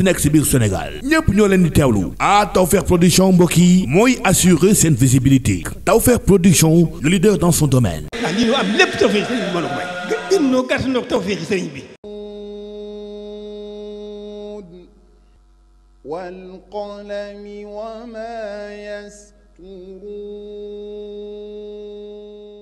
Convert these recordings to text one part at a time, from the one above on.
munti nekk si biir Sénégal ñépp ñoo leen di teewlu ah Tawfekh production mbokk yi mooy assurer seen visibilité Tawfekh production le leader dans son domaine. ah lii am lépp Tawfekh sëriñ bi mën a may. gën noo gàtt noo Tawfekh sëriñ bi. wal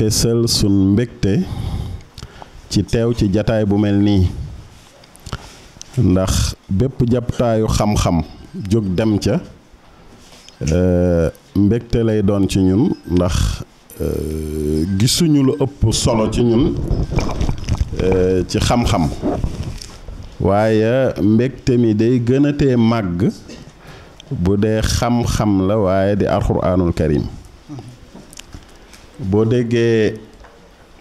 fésal sun mbégte ci teew ci jataay bu mel nii ndax bépp jabtaayu xam-xam jóg dem ca euh, mbégte lay doon ci ñun ndax euh, gisuñu lu ëpp solo ci ñun euh, ci xam-xam waaye mbégte mi day gën a tee màgg bu dee xam-xam la waaye di alxuraanul karim boo déggee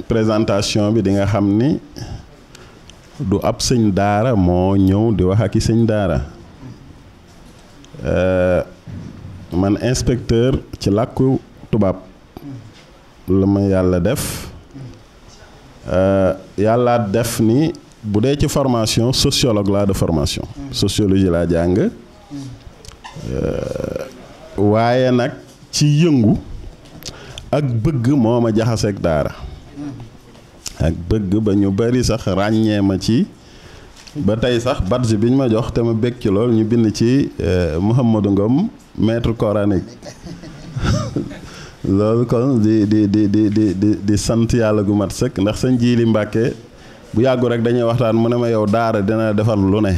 présentation bi di nga xam ni du ab sëñ daara moo ñëw di wax ak sëñ daara euh, man inspecteur ci làkku tubaab la ma yàlla def euh, yàlla def ni bu dee ci formation sociologue laa de formation sociologie laa jàng euh, waaye nag ci yëngu ak bëgg moo ma jaxaseeg daara ak bëgg ba ñu bari sax ràññee ma ci ba tey sax badge bi ñu ma jox te ma bég ci lool ñu bind ci euh, Mouhamadou Ngom maître coranique loolu kon di di di di di di di sant yàlla gu mat sëkk ndax sëñ Jiili Mbàkke bu yàggu rek dañuy waxtaan mu ne ma yow daara dina defar lu ne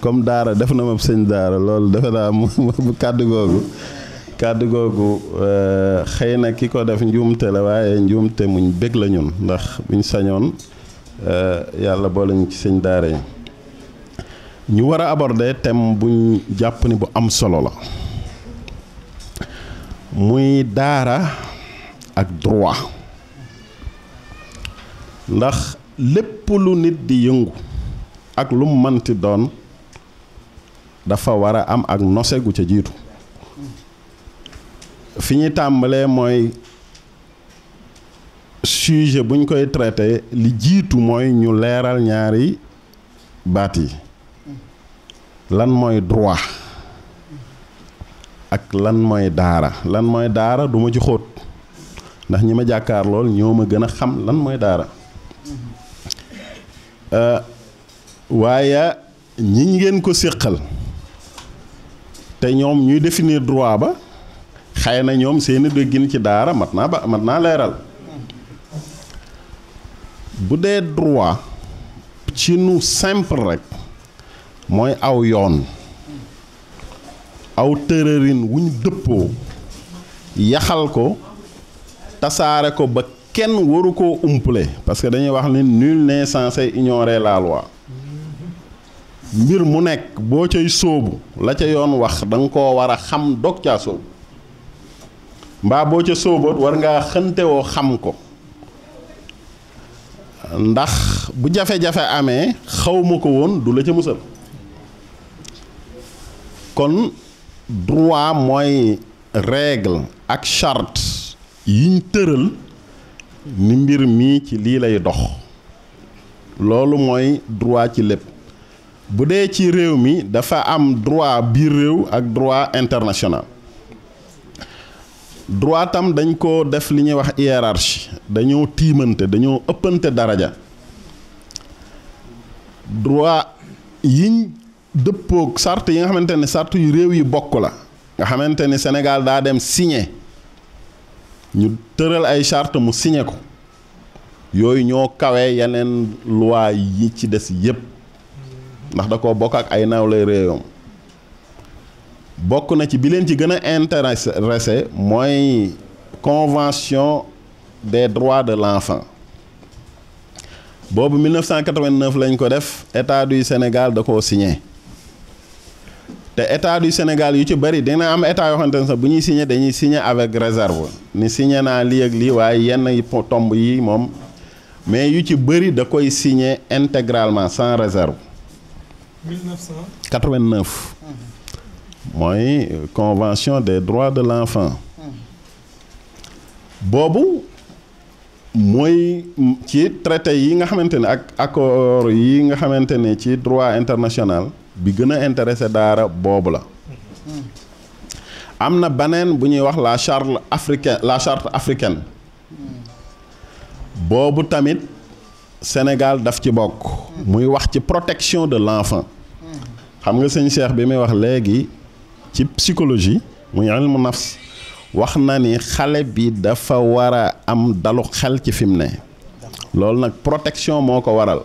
comme daara def na ma sëñ daara lool defe naa mu kàddu googu kàddu googu euh, xëy na ki ko def njuumte la waaye njuumte muñ bëgg la ñun ndax buñ sañoon euh, yàlla boole ñu ci sëñ daara yi ñu war a aborder thème buñ jàpp ni bu am solo la muy daara ak droit ndax lépp lu nit di yëngu ak lu mu mënti doon dafa war a am ak nose gu ca jiitu fi ñu tàmbalee mooy sujet bu ñu koy traité li jiitu mooy ñu leeral ñaari baat yi lan mooy droit ak lan mooy daara lan mooy daara duma ci xóot ndax ñi ma jàkkaar lool ñoo ma gën a xam lan mooy daara euh, waaye ñi ngeen ko séqal te ñoom ñuy définir droit ba xëy na ñoom seeni déggin ci daara mat naa ba mat naa leeral bu dee droit ci nu simple rek mooy aw yoon aw tërërin wu ñu dëppoo yaxal ko tasaare ko ba kenn waru koo umpale parce que dañuy wax ni nul n'est censé ignorer la mbir mu nekk boo cay soobu la ca yoon wax danga ko koo war a xam dog caa sóobu mbaa boo ca sóoboot war ngaa xëntewoo xam ko ndax bu jafe-jafe amee xawma ko woon du la ca musal kon droit mooy règle ak charte yiñ tëral ni mbir mii ci lii lay dox loolu mooy droit ci lépp bu dee ci réew mi dafa am droit biir réew ak droit international droit dañ ko def li ñuy wax hiérarchie dañoo tiimante dañoo ëppante daraja droit yiñ dëppook sart yi nga xamante ni sart yu réew yi bokk la nga xamante ni Sénégal daa dem signé ñu tëral ay charte mu signé ko yooyu ñoo kawee yeneen luwaay yi ci des yépp ndax da ko bokk ak ay nawle réewam bokk na ci bi leen ci gën a intéressé mooy convention des droits de l'enfant boobu 1989 lañ ko def état du Sénégal da ko signé te état du Sénégal yu ci bëri dina am état yoo xamante sax bu ñuy signé dañuy signé avec réserve ni signé naa lii ak lii waaye yenn tomb yi moom mais yu ci bëri da koy signé intégralement sans réserve. 1989. mooy euh, convention des droits de l'enfant hmm. boobu mooy mm, ci traité yi nga xamante ne ak accord yi nga xamante ne ci droit internationale bi gën a intéressé daara boobu la hmm. am na beneen bu ñuy wax la charte africaine la chart africaine boobu tamit Sénégal daf ci bokk hmm. muy wax ci protection de l'enfant xam nga sëñ Cheikh bi muy wax léegi ci psychologie muy ilmu nafs wax na ni xale bi dafa war a am dalu xel ci fi ne loolu nag protection moo ko waral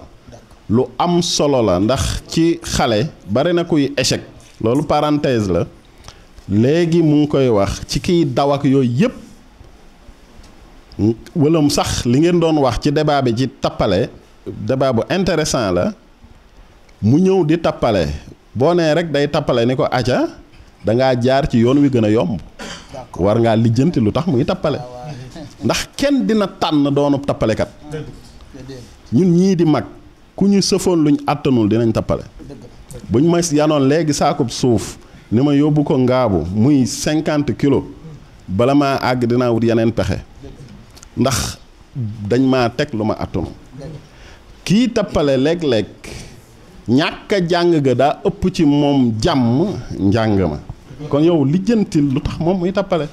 lu am solo la ndax ci xale bari na kuy échec loolu parenthèse la léegi mu ngi koy wax ci kiy dawak yooyu yépp wala sax li ngeen doon wax ci débat bi ci tappale débat bu intéressant la mu ñëw di tappale boo nee rek day tappale ni ko aca da ngaa jaar ci yoon wi gën a yomb war ngaa lijjanti lu tax muy tappale ah, ndax kenn dina tànn doonu tappalekat ñun ñii di mag ku ñu sëfoon luñ àttanul dinañ tappale buñ ma yanoon léegi saakub suuf ni ma yóbbu ko ngaabu muy cinquante kilo bala maa àgg dinaa wut yeneen pexe ndax dañ ma teg lu ma àttanu kii tappale léeg-léeg ñàkk jàng ga daa ëpp ci moom jàmm njàng ma kon yow lijjantil lu tax moom muy tappale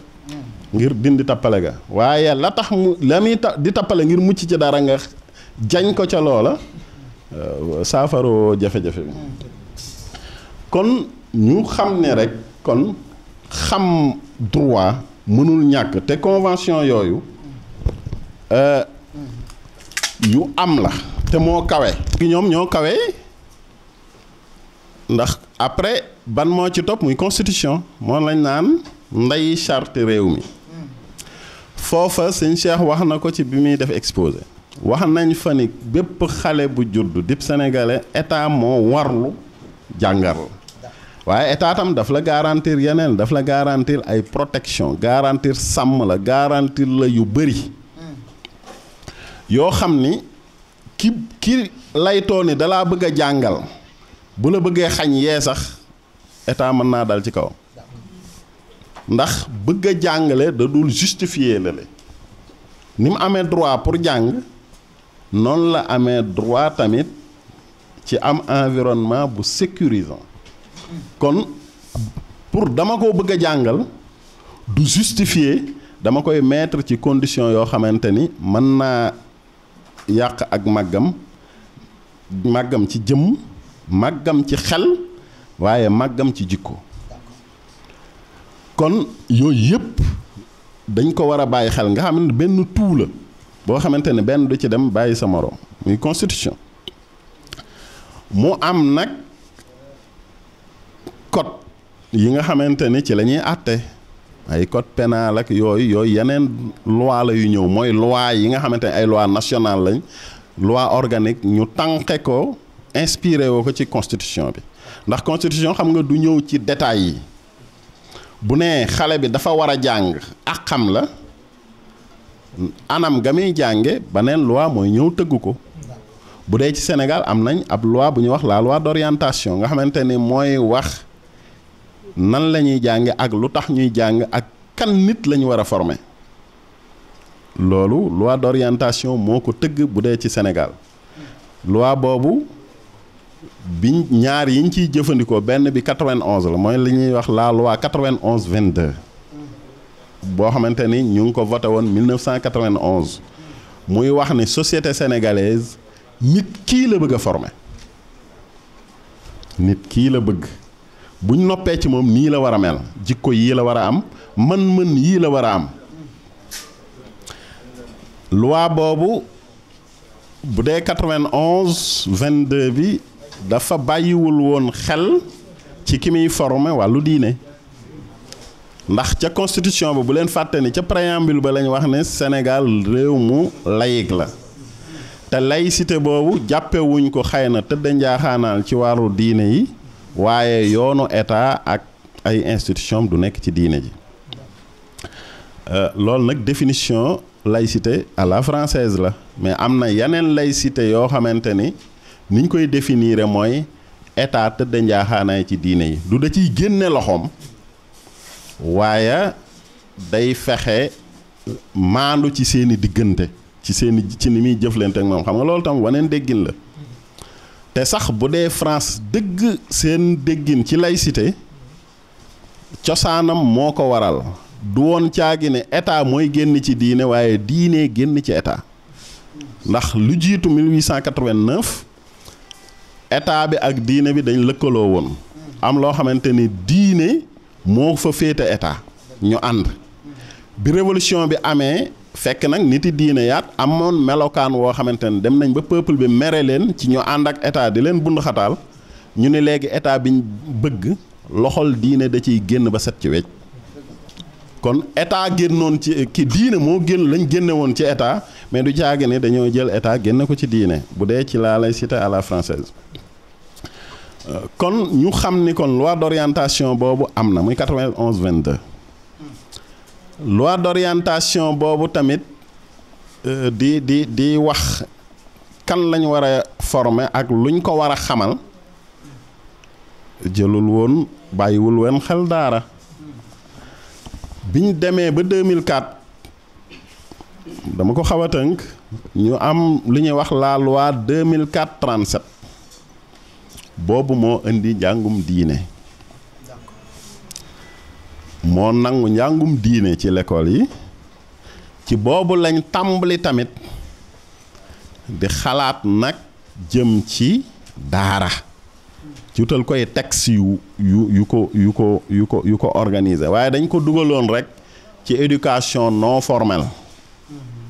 ngir dindi tappale ga waaye la tax mu la muy ta di tappale ngir mucc ci dara nga jañ ko ca loola euh, saafaroo jafe-jafe bi kon ñu xam ne rek kon xam droit mënul ñàkk te convention yooyu euh, yu am la te moo kawe gi ñoom ñoo kawe ndax après ban moo ci topp muy constitution moom lañ naan ndey charte réew mi foofa sëñ Cheikh wax na ko ci bi muy def exposé wax nañ fa ni bépp xale bu juddu dib sénégalais état moo warlu jàngal waaye état tam daf la garantir yeneen daf la garantir ay protection garantir sàmm la garantir la yu bari yoo xam ni ki ki laytoo ni dalaa bëgg a jàngal bu la bëggee xañ yee sax état mën naa dal ci kaw ndax bëgga jàngale da dul justifier la ni mu amee droit pour jàng noonu la amee droit tamit ci am environnement bu sécurisant kon pour dama ko bëgg a jàngal du justifier dama koy mettre ci condition yoo xamante ni mën naa yàq ak maggam màggam ci jëmm màggam ci xel waaye màggam ci jikko kon yooyu yépp dañ ko war a bàyyi xel nga xam ne benn tuu boo xamante ne benn du ci dem bàyyi sa moroom muy constitution mu am nag code yi nga xamante ni ci lañuy ñuy àtte ay code pénal ak yooyu yooyu yeneen loi la yu ñëw mooy loi yi nga xamante ne ay loi nationale lañ loi organique ñu tànqe ko inspiré woo ko ci constitution bi ndax constitution xam nga du ñëw ci détails yi bu nee xale bi dafa war a jàng ak xam la anam ga muy jànge beneen loi mooy ñëw tëgg ko bu dee ci senegal am nañ ab loi bu ñu wax la loi d'orientation nga xamante ni mooy wax nan la ñuy jànge ak lu tax ñuy jàng ak kan nit la ñu war a former loolu loi d'orientation moo ko tëgg bu dee ci senegal loi boobu biñ ñaar yiñ ciy jëfandikoo benn bi 91 la mooy lañuy wax la loi 91 22. boo xamante ni ñu ngi ko voté woon 1991. muy wax ni société sénégalaise nit kii la bëgg a former. nit kii la bëgg buñ noppee ci moom nii la war a mel jikko yii la war a am mën-mën yii la war a am. loi boobu bu dee 91 bi. dafa bàyyiwul woon xel ci ki muy wàllu diine ndax ca constitution ba bu leen fàtte ni ca préambule ba lañu wax ne senegal réew mu laïc la te laïcité boobu jàppewuñ ko xëy na tëdd njaaxaanaal ci wàllu diine yi waaye yoonu état ak ay institution du nekk ci diine ji euh, loolu nag définition laïcité à la française la mais am na yeneen laïcité yoo xamante ni niñ ñu koy définir mooy état tëdd njaaxaanaay ci diine yi du da ciy génne loxoom waaye day fexe maandu ci seeni diggante ci seeni ci ni muy jëflante ak moom xam nga loolu tam waneen déggin la te sax bu dee France dëgg seen déggin ci laïcité cosaanam moo ko waral du woon caagi ne état mooy génn ci diine waaye diine génn ci état ndax lu jiitu 1889 état bi ak diine bi dañ lëkkaloo woon am loo xamante ni diine moo fa féete état ñu ànd bi révolution bi amee fekk nag nit yi diine yaat amoon melokaan woo xamante ni dem nañ ba peuple bi mere leen ci ñu ànd ak état di leen bund ñu ne léegi état biñ bëgg loxol diine da ciy génn ba set ci wecc kon état génnoon ci ki diine moo génn lañ génne woon ci état mais du caagi ne dañoo jël état génne ko ci diine bu dee ci la laïcité à la française euh, kon ñu xam ni kon loi d'orientation boobu am na muy 91 22 loi d'orientation boobu tamit euh, di di di wax kan lañ war a former ak luñ ko war a xamal jëlul woon bàyyiwul woon xel daara bi ñu demee ba 2004 dama ko xaw a tënk ñu am lu ñuy wax la loi 2004 37 boobu moo indi njàngum diine moo nangu njàngum diine ci lekkool yi ci boobu lañ tàmbali tamit di xalaat nag jëm ci daara ci utal koy texte yu yu yu ko yu ko yu ko yu ko organiser waaye dañ ko dugaloon rek ci éducation non formel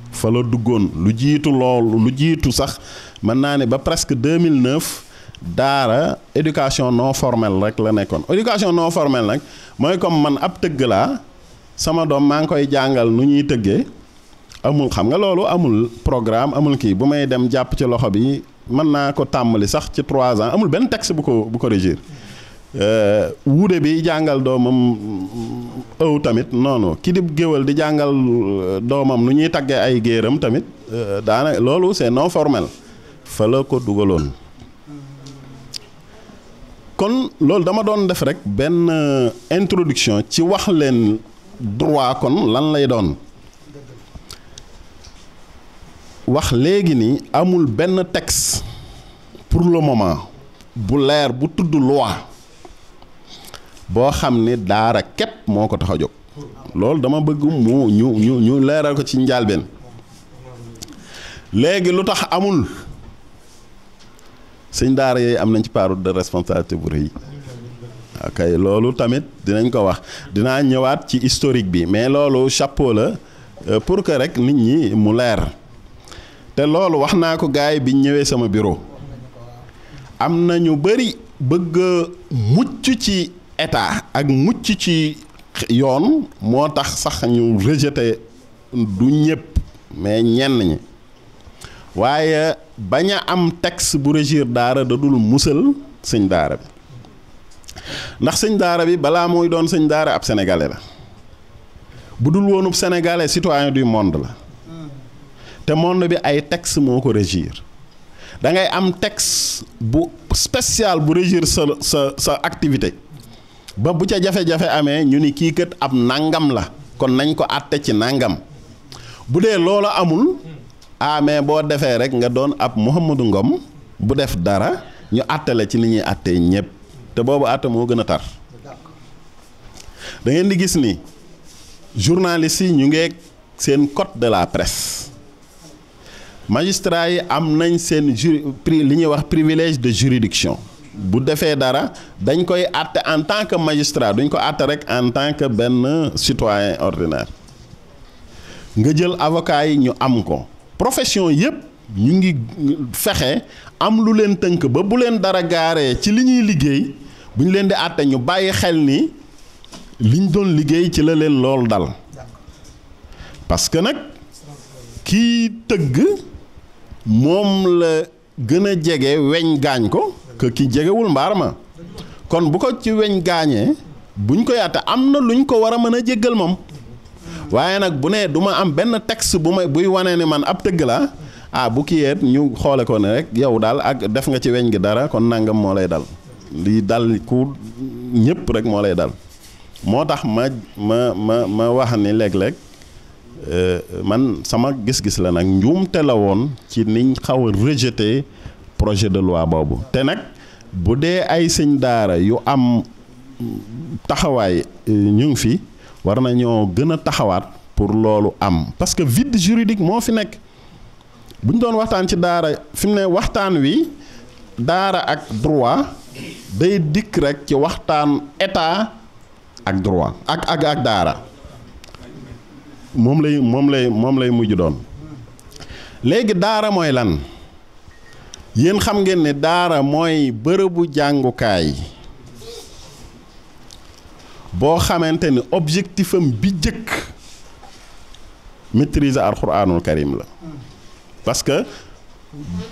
fa la duggoon lu jiitu loolu lu jiitu sax mën naa ne ba presque 2009 daara éducation non formelle rek la nekkoon éducation non formelle nag mooy comme man ab tëgg laa sama doom maa ngi koy jàngal nu ñuy tëggee amul xam nga loolu amul programme amul kii bu may dem jàpp ci loxo bi mën naa ko tàmbali sax ci trois ans amul benn texte bu ko bu ko régir euh, wuude bi jàngal doomam ëw tamit noonu ki di géwal di jàngal euh, doomam lu ñuy taggee ay géeram tamit euh, daana loolu c'est non formel fa la ko dugaloon kon loolu dama doon def rek benn introduction ci wax leen droit kon lan lay doon wax léegi ni amul benn texte pour le moment bu leer bu tudd loi boo xam ne daara képp moo ko tax a jóg loolu dama bëgg mu ñu ñu ñu leeral ko ci njàlbeen léegi lu tax amul sëñ daara yooyu am nañ ci part de responsabilité bu rëy ok loolu tamit dinañ ko wax dinaa ñëwaat ci historique bi mais loolu chapeau la euh, pour que rek nit ñi mu leer. te loolu wax naa ko gars yi biñ ñëwee sama biro am na ñu bëri bëgg mucc ci état ak mucc ci yoon moo tax sax ñu rejeté du ñëpp mais ñenn ñi waaye bañ a am texte bu régir daara da dul musal sëñ daara bi ndax sëñ daara bi balaa mooy doon sëñ daara ab sénégalais la bu dul woonub sénégalais citoyen du monde la te monde bi ay texte moo ko régir da ngay am texte bu spécial bu régir sa sa sa activité ba bu ca jafe-jafe amee ñu ni kii kat ab nangam la kon nañ ko àtte ci nangam bu dee loolu amul ah boo defee rek nga doon ab Mouhamadou Ngom bu def dara ñu àttale ci li ñuy àttee ñépp te boobu àtte moo gën a tar da ngeen di gis ni journaliste yi ñu ngeeg seen code de la presse magistrats yi am nañ seen juri li ñuy wax privilège de juridiction bu defee dara dañ koy àtte en tant que magistrat duñ ko àtte rek en tant que benn citoyen ordinaire nga jël avocat yi ñu am ko profession yépp ñu ngi fexe am lu leen tënk ba bu leen dara gaaree ci li ñuy liggéey bu leen di àtte ñu bàyyi xel ni liñ doon liggéey ci la leen lool dal parce que nag kii tëgg moom la gën a jege weñ gaañ ko que jegewul mbaar ma kon bu ko ci weñ gaañee buñ ko yaata am na luñ ko war a mën a jéggal moom waaye nag bu nee duma am benn texte bu ma buy wane ne man ab tëgg la ah bu kii yeet ñu xoole ko ne rek yow daal ak def nga ci weñ gi dara kon nangam moo lay dal lii dal ku ñëpp rek moo lay dal moo tax ma ma ma ma wax ni léeg-léeg Euh, man sama gis-gis la nag njuumte la woon ci niñ xaw a projet de loi boobu te nag bu dee ay sëñ daara yu am taxawaay euh, ñu ngi fi war nañoo gën a taxawaat pour loolu am parce que vide juridique moo fi nekk buñ doon waxtaan ci daara fi mu ne waxtaan wi daara ak droit day dikk rek ci waxtaan état ak droit ak ak ak daara moom lay moom lay moom lay mujj doon léegi daara mooy lan yéen xam ngeen ne daara mooy bërëbu jàngukaay boo xamante ni objectif am bi jëkk maîtriser alxuraanul karim la parce que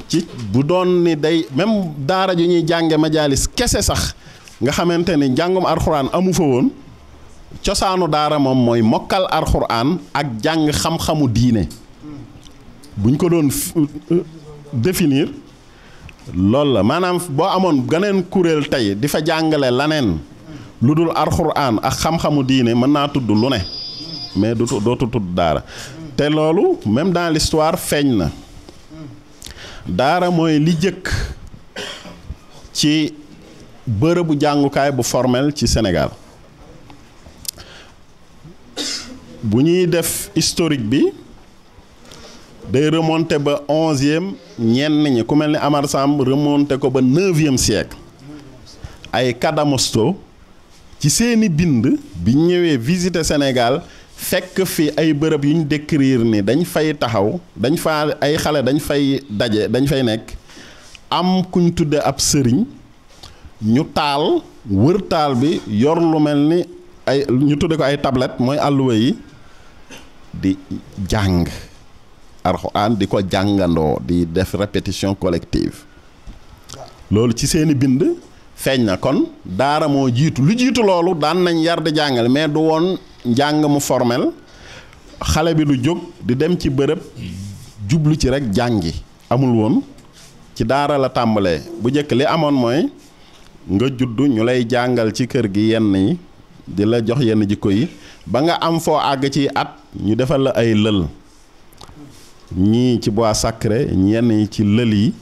ci bu doon ni day même daara ju ñuy jànge majaalis kese sax nga xamante ni jàngum alxuraan amu fa woon cosaanu daara moom mooy mokkal alxuraan ak jàng xam-xamu diine buñ ko doon euh, euh, définir loolu la maanaam boo amoon ganeen kuréel tey di fa jàngale laneen lu dul alxuraan ak xam-xamu diine mën naa tudd lu ne mais du dootu tudd daara te loolu même dans l'histoire feeñ na daara mooy li jëkk ci bërëbu jàngukaay bu formel ci Sénégal bu ñuy def historique bi day remonter ba onzième ñenn ñi ku mel ni Amar Samb remonter ko ba neuvième siècle ay Cadamosto ci seeni bind bi ñëwee visiter senegal fekk fi ay bërëb yu ñu décrire ni dañ fay taxaw dañ fa ay xale dañ fay daje dañ fay nekk am kuñ tuddee ab sëriñ ñu taal wër taal bi yor lu mel ni ay ñu tudde ko ay tablet mooy àlluwa yi di jàng alxuraan di ko jàngandoo di def répétition collective loolu ci seeni bind feeñ na kon daara moo jiitu lu jiitu loolu daan nañ yar di jàngale mais du woon njàng mu formel xale bi du jóg di dem ci bërëb jublu ci rekk jàngi amul woon ci daara la tàmbalee bu njëkk li amoon mooy nga juddu ñu lay jàngal ci kër gi yenn di la jox yenn jikko yi ba nga am foo àgg ci at ñu defal la ay lël ñii ci bois sacré ñenn yi ci lël yi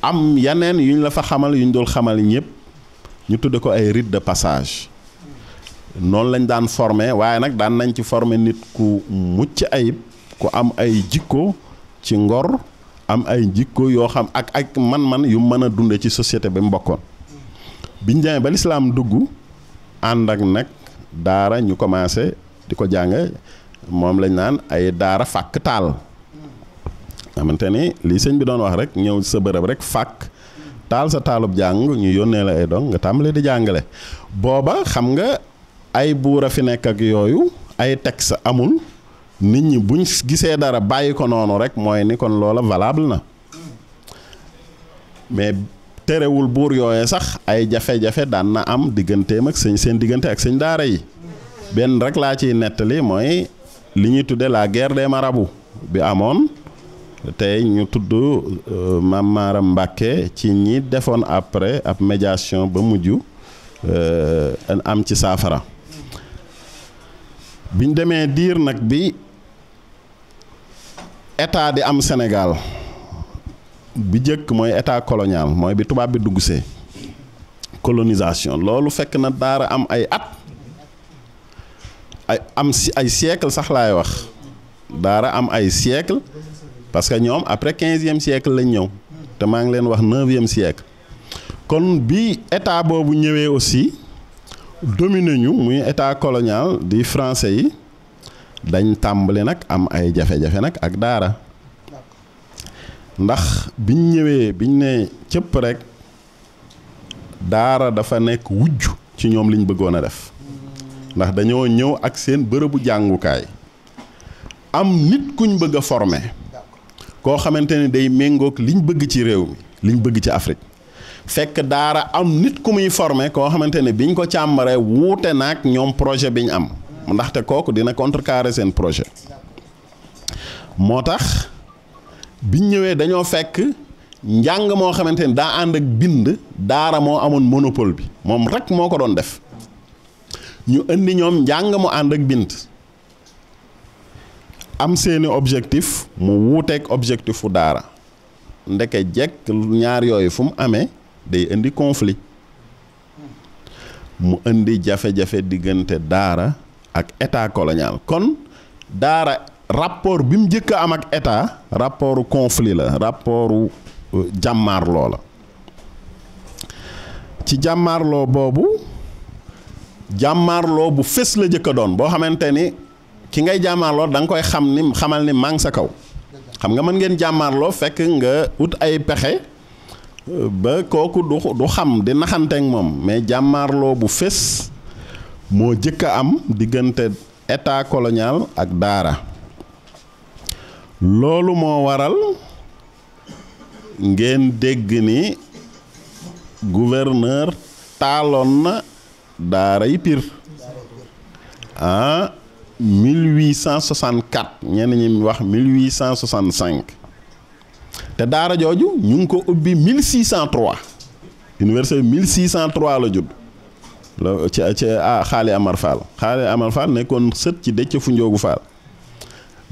am yeneen yu ñu la fa xamal yu ñu dul xamal ñëpp ñu tudde ko ay rite de passage noonu lañ daan former waaye nag daan nañ ci former nit ku mucc ayib ku am ay jikko ci ngor am ay jikko yoo xam ak ak man-man yu mën a dunde ci société bi mu bokkoon ba lislaam dugg ànd ak nag daara ñu commencé di ko jàng moom lañ naan ay daara fàkk taal xamante ni lii sëñ bi doon wax rek ñëw sa bërëb rek fàkk taal sa taalub jàng ñu yónnee la ay dong nga tàmbali di jàngale booba xam nga ay buur a fi nekk ak yooyu ay teg sa amul nit ñi buñ gisee dara bàyyi ko noonu rek mooy ni kon loola valable na mais terewul buur yooye sax ay jafe-jafe daan na am digganteem ak sëñ seen diggante ak sëñ daara yi benn rek laa ciy nettali mooy li ñuy tudde la guerre des marabouts bi amoon tey ñu tudd Maam euh, Maaram Mbàkke ci ñi defoon après ab médiation ba mujj euh, am ci saafara biñ demee diir nag bi état di am senegaal bi njëkk mooy état colonial mooy bi tubaab bi dugg see colonisation loolu fekk na daara am ay at ay am si ay siècle sax laay wax daara am ay siècle parce que ñoom après quinzième siècle lañ ñëw te maa ngi leen wax neuvième siècle kon bi état boobu ñëwee aussi dominé ñu muy état colonial di français yi dañ tàmbali nag am ay jafe-jafe nag ak daara ndax biñ ñëwee biñ ne cëpp rek daara dafa nekk wujj ci ñoom liñ bëggoon a def ndax dañoo ñëw ak seen bërëbu jàngukaay am nit kuñ bëgg a former koo xamante ne day méngoog liñ bëgg ci réew mi liñ bëgg ci Afrique fekk daara am nit ku muy former koo xamante ne biñ ko càmbaree wuute naag ñoom projet biñ am ndaxte kooku dina contrecarrer seen projet moo tax. biñ ñëwee dañoo fekk njàng moo xamante ni daa ànd ak bind daara moo amoon monopole bi moom rek moo ko doon def ñu indi ñoom njàng mu ànd ak bind am seeni objectif mu wuuteeg objectifu daara ndeke jekk ñaar yooyu fu mu amee day indi conflit mu indi jafe-jafe diggante daara ak état colonial kon daara rapport bi mu njëkk a am ak état rapport conflit la rapport euh, jàmmaarloo la ci jàmmaarloo boobu jàmmaarloo bu fës la jëkka doon boo xamante ni ki ngay jàmmaarloo da nga koy xam ni xamal ni maa sa kaw xam nga mën ngeen jàmmaarloo fekk nga wut ay pexe euh, ba kooku du du xam di naxanteek moom mais jàmmaarloo bu fés moo jëkk a am diggante état colonial ak daara loolu moo waral ngeen dégg ni gouverneur taaloon na daaray Pire ah 1864 ñenn ñi wax 1865 te daara jooju ñu ngi ko ubbi 1603 université 1603 la judd la ci ci ah Xaali Amar Fall Xaali Amar Fall nekkoon sët ci Déthié Foundiougu Fall.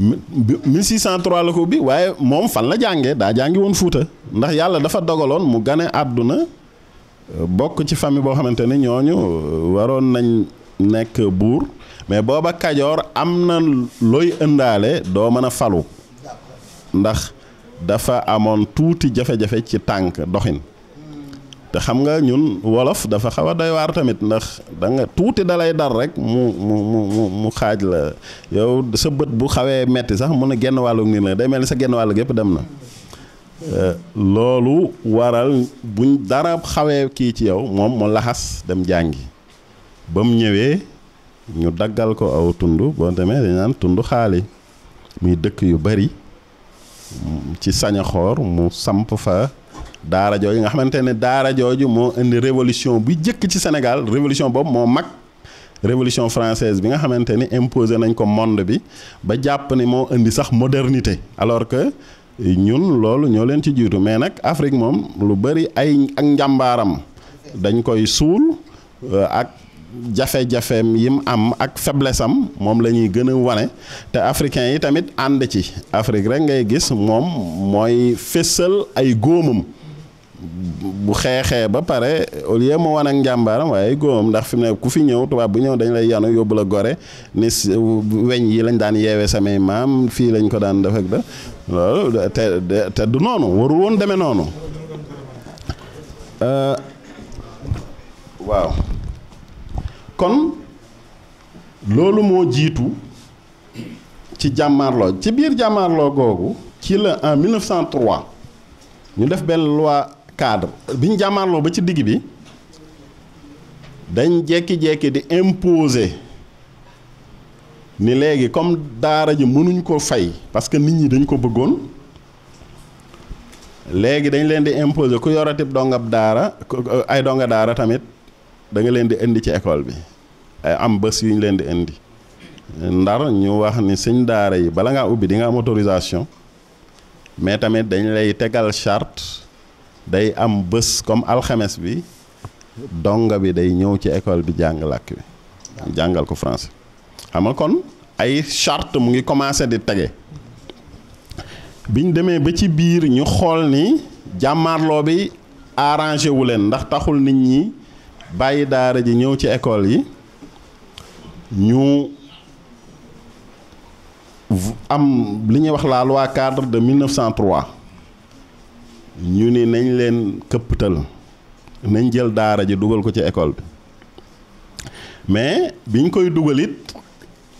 1603 la ko bi waaye moom fan la jàngee daa jàngi woon Fuuta ndax yàlla dafa dogaloon mu gane àdduna euh, bokk ci famille boo xamante ni ñooñu euh, waroon nañ nekk buur mais booba Kajoor am na looy ëndaale doo mën a falu ndax dafa amoon tuuti jafe-jafe ci tànk doxin te xam nga ñun wolof dafa xaw day waar tamit ndax da nga tuuti dalay dar rek mu mu mu mu xaaj la yow sa bët bu xawee metti sax mun a genn wàllu nii la day mel ni sa genn wàllu gépp dem na euh, loolu waral buñ dara xawee kii ci yow moom mu laxas dem jàngi ba mu ñëwee ñu daggal ko aw tund boo demee dañ naan tund xaali muy dëkk yu bari ci sañaxoor mu samp fa daara jooju nga xamante ne daara jooju moo indi révolution bu jëkk ci Sénégal révolution boobu moo mag révolution francaise bi nga xamante ni imposé nañ ko monde bi ba jàpp ne moo indi sax modernité alors que ñun loolu ñoo leen ci jiitu mais nag Afrique moom lu bëri ay ak njàmbaaram dañ koy suul euh, ak jafe-jafeem yim am ak faiblesse moom la ñuy gën a wane te africain yi tamit ànd ci Afrique rek ngay gis moom mooy fésal ay góomam bu xeexee ba pare au lieu moo wan ak njàmbaaram waaye góomam ndax fi mu ne ku fi ñëw tubaab bu ñëw dañu lay yanu yóbbu la gore ni weñ yi lañ daan yeewee samay maam fii lañ ko daan def ak da loolu te du noonu warul woon demee noonu waaw kon loolu moo jiitu ci jàmmaarloo ci biir jàmmaarloo googu ci la en 1903 def benn loi cadre bi ñu jàmmaarloo ba ci digg bi dañ jekki-jekki di imposer ni léegi comme daara ji mënuñ ko fay parce que nit ñi dañ ko bëggoon léegi dañ leen di imposer ku yoratib dongab daara ay donga daara tamit da leen di indi ci école bi ay am bés yu ñu leen di indi ndar ñu wax ni sëñ daara yi bala ngaa ubbi di nga am autorisation mais tamit dañ lay tegal charte day am bés comme alxemes bi dongo bi day ñëw ci école bi jàng làkk bi jàngal ko français xam nga kon ay charte mu ngi commencé di tege biñ demee ba ci biir ñu xool ni jàmmaarloo bi arrangé wu leen ndax taxul nit ñi bàyyi daara ji ñëw ci école yi ñu am li ñuy wax la loi cadre de 1903 ñu ni nañ leen këpptal nañ jël daara ji dugal ko ci école bi mais biñ koy dugal it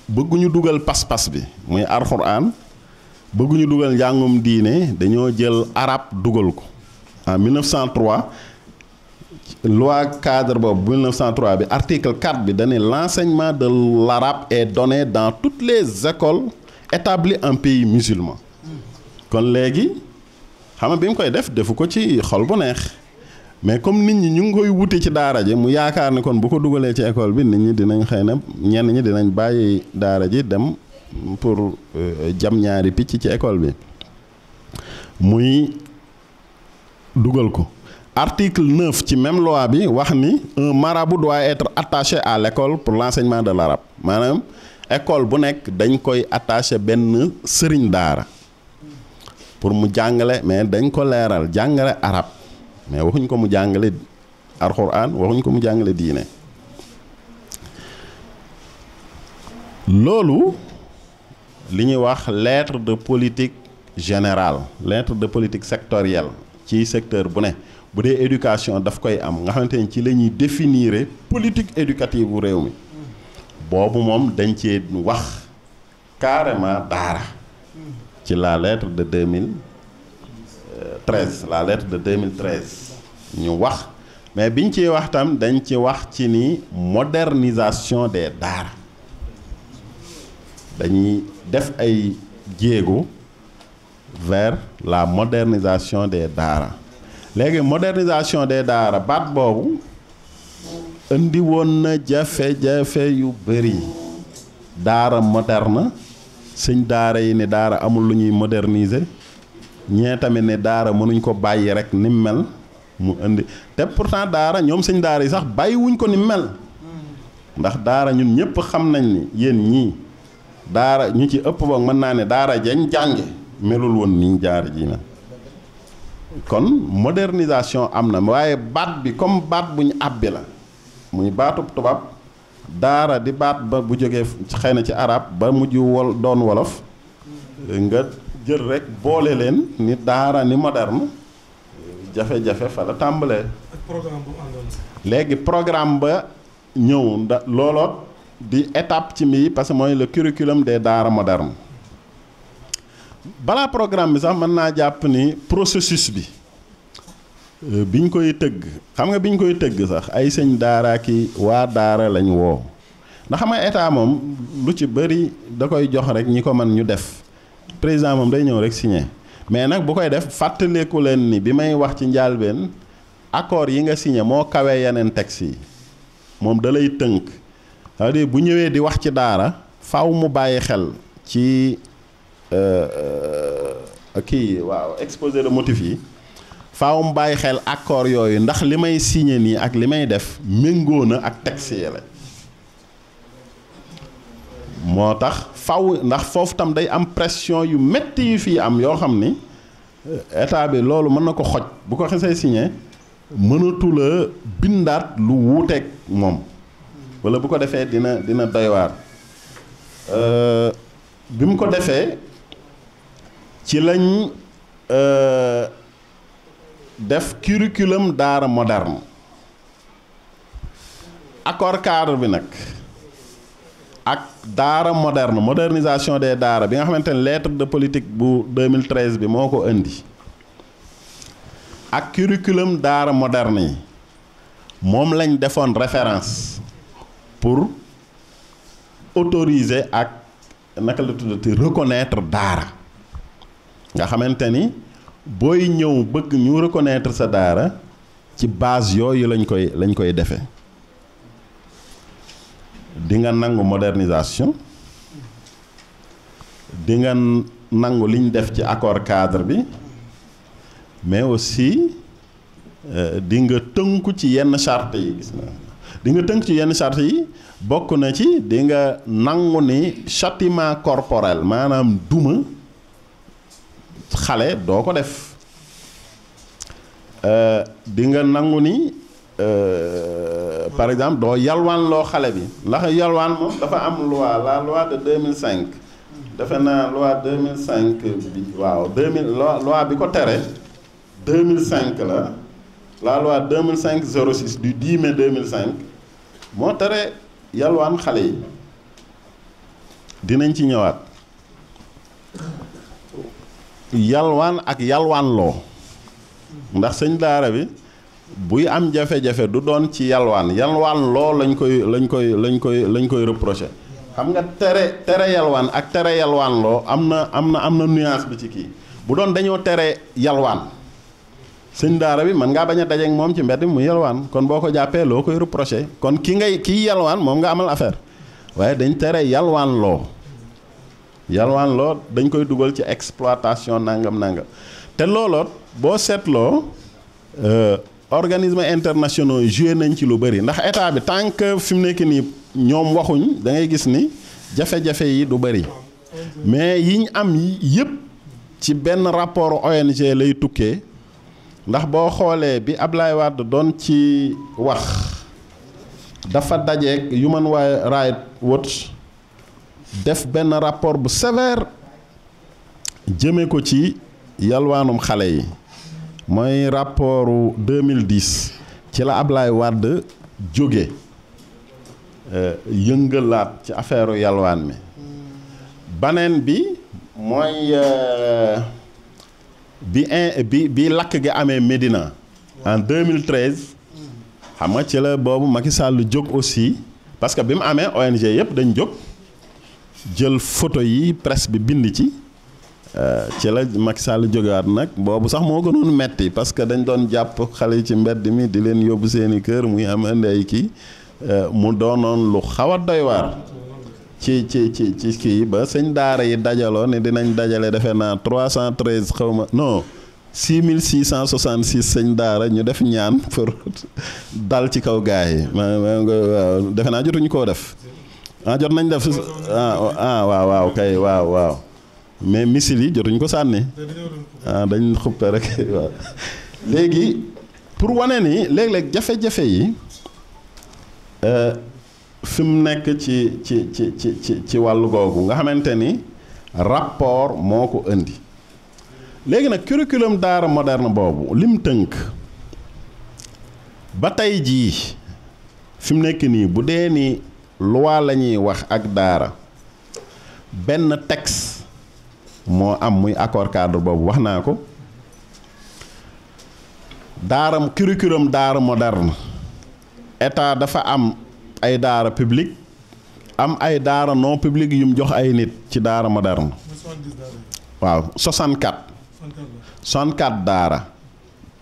bëgguñu dugal pas-pas bi muy alxuraan bëgguñu dugal njàngum diine dañoo jël arab dugal ko en 1903 loi cadre boobu 1903 bi article 4 bi dañu l'enseignement de larab est donné dans toutes les écoles établies en pays musulman kon léegi xam nga bi mu koy def defu ko ci xol bu neex mais comme nit ñi ñu ngi koy wute ci daara ji mu yaakaar ne kon bu ko dugalee ci école bi nit ñi dinañ xëy na ñenn ñi dinañ bàyyi daara ji dem pour euh, jam ñaari picc ci école bi muy dugal ko article 9 ci même loi bi wax ni un marabout doit être attaché à l'école pour l'enseignement de l'arabe maanaam école bu nekk dañ koy attaché benn sëriñ daara pour mu jàngale mais dañ ko leeral jàngale arab mais waxuñ ko mu jàngale alxuraan waxuñ ko mu jàngale diine loolu li ñuy wax lettre de politique générale lettre de politique sectorielle ci secteur bu ne bu dee éducation daf koy am nga xamante ci lañuy ñuy définir politique éducative bu réew mi boobu moom dañ cee wax carrément daara ci la lettre de 2013 la lettre de 2013 ñu wax mais biñ ci wax dañ ci wax ci ni modernisation des daara dañuy def ay jéego vers la modernisation des daara léegi modernisation des daara baat boobu indi woon na jafe-jafe yu bëri daara moderne sëñ daara yi ne daara amul lu ñuy moderniser ñee tamit ne daara mënuñ ko bàyyi rek ni mel mu indi te pourtant daara ñoom sëñ daara yi sax bàyyiwuñ ko ni mel ndax daara ñun ñëpp xam nañ ni yéen ñii daara ñu ci ëpp ba mën naa ne daara jañ jànge melul woon niñ jaar ji na kon modernisation am na waaye baat bi comme baat bu ñu àbbi la muy baatu tubaab daara di baat ba bu jógee xëy na ci arab ba mujj wol doon wolof nga jël rek boole leen ni daara ni moderne jafe-jafe fa la tàmbalee. léegi programme ba ñëw nda looloot di étape ci mii parce que mooy le curriculum des daara moderne balaa programme bi sax mën naa jàpp ni processus bi. bi euh, biñ koy tëgg xam nga bi biñ koy tëgg sax ay sëñ daara ki waa daara lañu woo ndaxama xam état moom lu ci bëri da koy jox rek ñi ko mën ñu def président moom day ñëw rek signé mais nag bu koy def fàttaleku leen ni bi may wax ci njaalbeen accord yi nga signé moo kawee yeneen texte yi moom da lay tënk cest bu ñëwee di wax ci daara faw mu bàyyi xel ci euh, euh, kii waaw exposé de motif yi faaw bàyyi xel accord yooyu ndax li may signé nii ak li may def méngoo na ak texte yi la moo tax faw ndax foofu tam day am pression yu metti yu fii am yoo xam ni euh, état bi loolu mën na ko xoj bu ko xesee signé mënatu la bindaat lu wuuteeg moom wala bu ko defee dina dina doywaar euh, bi mu ko defee ci lañ. Euh, def curriculum daara moderne accord cadre bi nag ak daara moderne modernisation des daara bi nga xamante ni lettre de politique bu 2013 bi moo ko indi ak curriculum daara moderne yi moom lañ defoon référence pour autoriser ak naka la tuddati reconnaître daara nga xamante ni booy ñëw bëgg ñu reconnaître sa daara ci base yooyu lañ koy lañ koy defe di nga nangu modernisation di nga nangu liñ def ci accord cadre bi mais aussi euh, di nga tënku ci yenn charte yi gis na di nga tënku ci yenn charte yi bokk na ci di nga nangu ni châtiment corporel maanaam duma xale doo ko def euh, di nga nangu ni euh, par exemple doo yalwaan loo xale bi ndax yalwaan moom dafa am loi la loi de 2005 defe naa loi 2005 bi waaw 2000 loi loi bi ko tere 2005 la la loi 2005 06 du 10 mai 2005 moo tere yalwaan xale yi dinañ ci ñëwaat. yalwaan ak yalwaan loo ndax sëñ daara bi buy am jafe-jafe du doon ci yalwaan yalwaan loo lañ koy lañ koy lañ koy lañ koy reproché xam nga tere tere yalwaan ak tere yalwaan am na am na am na nuance bi ci kii bu doon dañoo tere yalwaan sëñ daara bi mën ngaa bañ a dajeek moom ci mbedd mu yalwaan kon boo ko jàppee loo koy reproché kon ki ngay kiy yalwaan moom nga amal affaire waaye dañ tere yalwaan yalwaan lool dañ koy dugal ci exploitation nangam nangam te looloot boo seetloo euh, organisme internationaux yi joué nañ ci lu bari ndax état bi tànk que fi mu nekk nii ñoom waxuñ da ngay gis ni jafe-jafe yi du bëri mais yiñ am yëpp ci benn rapport ONG lay tukkee ndax boo xoolee bi ab lay Wade doon ci wax dafa dajeeg Human Rights Watch def benn rapport bu sévère jëme ko ci yalwaanum xale yi mooy rapportu 2010 ci la Ablaye Wade jóge euh, yëngalaat ci affaire yalwaan mi baneen bi mooy euh, bi in bi bi lakk gi amee Médina en 2013 xam nga ci la boobu Macky Sall jóg aussi parce que bi mu amee ONG yëpp dañ jóg jël photo yi presse bi bind ci euh, ci la Macky Sall jógaat nag boobu sax moo gënoon metti parce que dañ doon jàpp xale yi ci mbedd mi di leen yóbbu seeni kër muy am indi ay kii euh, mu doonoon lu xaw a doy ci ci ci ci kii ba sëñ daara yi dajaloo ne dinañ dajale defe naa 313 xaw ma non 6666 sëñ daara ñu def ñaan pour dal ci kaw gaay yi defe naa jotuñu koo def. ah jot nañ def ah, ah waaw waaw kay waaw waaw mais missile yi jotuñ ko sànni dañu ah, dañ xuppe léegi pour wane ni léeg-léeg jafe-jafe yi euh, fi mu nekk ci ci ci ci ci ci wàllu googu nga xamante ni rapport moo ko indi léegi nag curriculum daara moderne boobu lim tënk ba tey jii fi mu nekk nii bu dee nii loi la ñuy wax ak daara benn texte moo am muy accord cadre boobu wax naa ko daaram curriculum daara moderne état dafa am ay daara publique am ay daara non publique yum jox ay nit ci daara moderne waaw 64 64 daara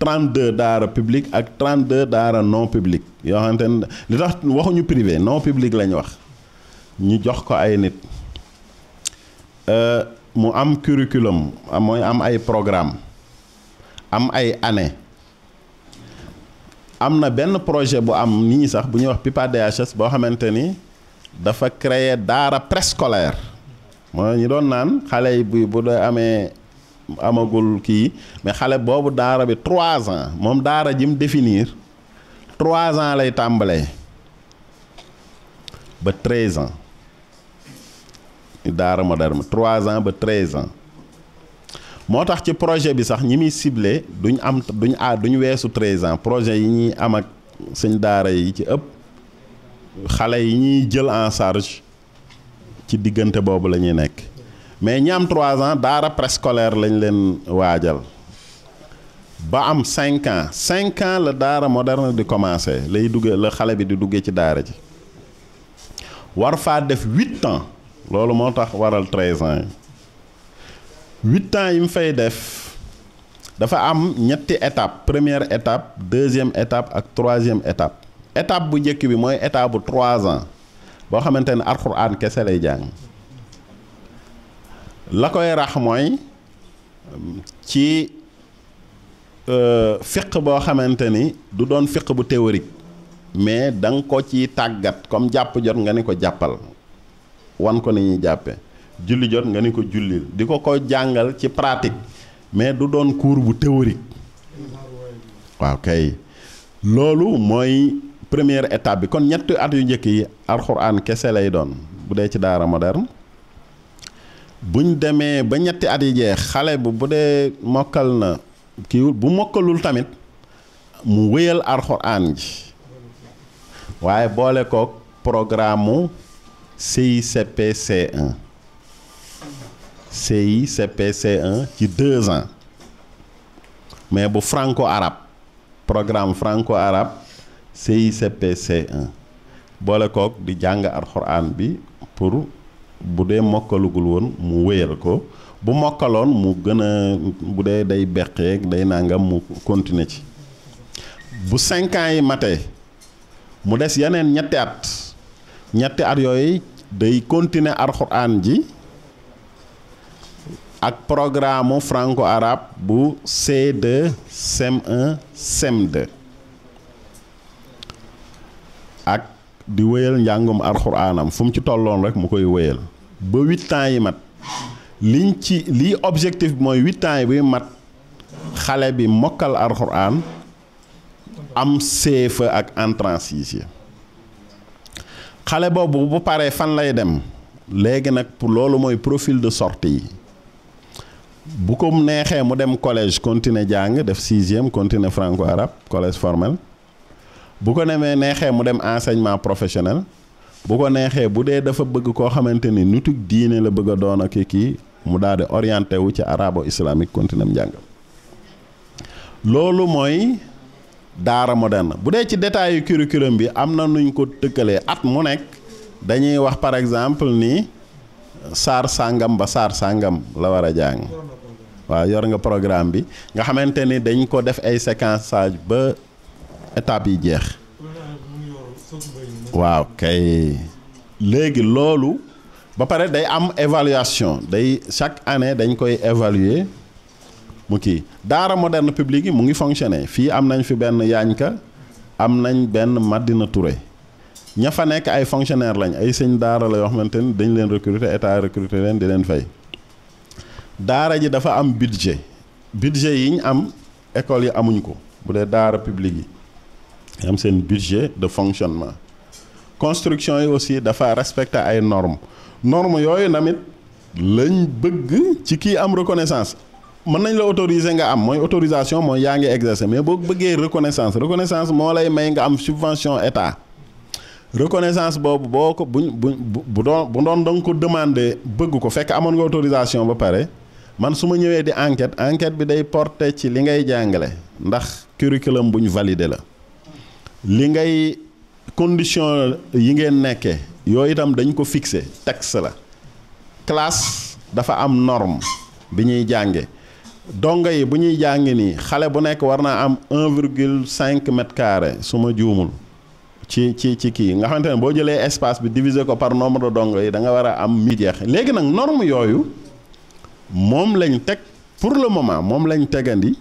32 daara public ak 32 daara non public yoo xamante ne li tax waxuñu privé non public lañu wax ñu jox ko ay nit euh, mu am curriculum mooy am ay programme am ay année am na benn projet bu am nii sax bu ñuy wax PIPA DHS boo xamante ni dafa créer daara préscolaire mooy ñu doon naan xale yi bu bu dee amee amagul kii mais xale boobu daara bi trois ans moom daara jim définir trois ans lay tàmbalee ba treize ans daara moderne trois ans ba treize ans moo tax ci projet bi sax ñi muy ciblé duñ am duñ a duñ weesu treize ans projet yi ñuy am ak suñ daara yi ci ëpp xale yi ñuy jël en charge ci diggante boobu la ñuy nekk mais ñaam am trois ans daara préscolaire lañ leen waajal ba am cinq ans cinq la daara moderne di commencé lay duggee la xale bi di duggee ci daara ji war faa def huit ans loolu moo tax waral treize ans yi huit ans yi mu fay def. dafa am ñetti étape première étape deuxième étape ak troisième étape étape bu njëkk bi mooy étape bu trois ans boo xamante ne alxuraan kese lay jàng la koy rax mooy ci euh, fiq boo xamante ni du doon fiq bu théorique mais da ko ci tàggat comme jàpp jot nga ni ko jàppal wan ko ni ñuy jàppe julli jot nga ni ko jullil di ko ko jàngal ci pratique mais du doon kuur bu théorique waaw kay loolu mooy première étape bi kon ñetti at yu njëkk yi alxuraan kese lay doon bu dee ci daara moderne buñ demee ba ñetti at yi jeex xale bu bu dee mokkal na kii bu mokkalul tamit mu wéyal alxuraan ji waaye boole kook programme mu CICPC1 CICPC1 ci deux ans mais bu franco-arabe programme franco-arabe cicpc boole kook di jàng alxuraan bi pour. bu dee mokkalugul woon mu wéyal ko bu mokkaloon mu gën a bu dee day beqeeg day nangam mu continuer ci bu cinq ans yi matee mu des yeneen ñetti at ñetti at yooyu day continuer alxuraan ji ak programme franco arabe bu cd 2 CM1 cm ak di wéyal njàngum alxuraanam fu mu ci tolloon rek mu koy wéyal ba huit ans yi mat liñ ci lii objectif bi mooy huit ans yi buy mat xale bi mokkal alxuraan am CFEE ak entrée en sixième xale boobu bu paree fan lay dem léegi nag loolu mooy profil de sortie yi bu ko neexee mu dem collège continuer jàng def sixième continuer franco arabe collège formel bu ko nemee neexee mu dem enseignement professionnel bu ko neexee bu dee dafa bëgg koo xamante ni nutug diine la bëgg a doon ak kii mu daal di orienté wu ci arabo islamique continent njàngam loolu mooy daara moderne bu dee ci détail yu curriculum bi am na nuñ ko tëkkalee at mu nekk dañuy wax par exemple ni saar sàngam ba saar sàngam la war a jàng waa yor nga programme bi nga xamante ni dañ ko def ay séquençage ba étape yi jeex waaw kay léegi loolu ba pare day am évaluation day chaque année dañ koy évaluer mu kii daara moderne publique yi mu ngi fonctionner fii am nañ fi benn Yaañka am nañ benn Madina Touré ña fa nekk ay fonctionnaire lañ ay sëñ daara la yoo xamante ni dañ leen recruter état recruter leen di leen fay daara ji dafa am budget budget yiñ am école yi amuñ ko bu dee daara publique yi am seen budget de fonctionnement construction yi aussi dafa respecter ay normes normes yooyu tamit lañ bëgg ci kii am reconnaissance mën nañ la autoriser nga am mooy autorisation mooy yaa ngi exercer mais boo bëggee reconnaissance reconnaissance moo lay may nga am subvention état reconnaissance boobu boo ko buñ bu bu doon bu doon da nga ko demander bëgg ko fekk amoon nga autorisation ba pare man su ma ñëwee di enquête enquête bi day porter ci li ngay jàngale ndax curriculum buñ validé la li ngay condition yi ngeen nekkee yooyu itam dañ ko fixé texte la classe dafa am norme bi ñuy jànge dongo yi bu ñuy jàngi nii xale bu nekk war naa am un virgule cinq mètre carré su ma juumul ci ci ci kii nga xamante ne boo jëlee espace bi diviser ko par nombre de dongo yi da nga war a am mi léegi nag norme yooyu moom lañ teg pour le moment moom lañ tegandi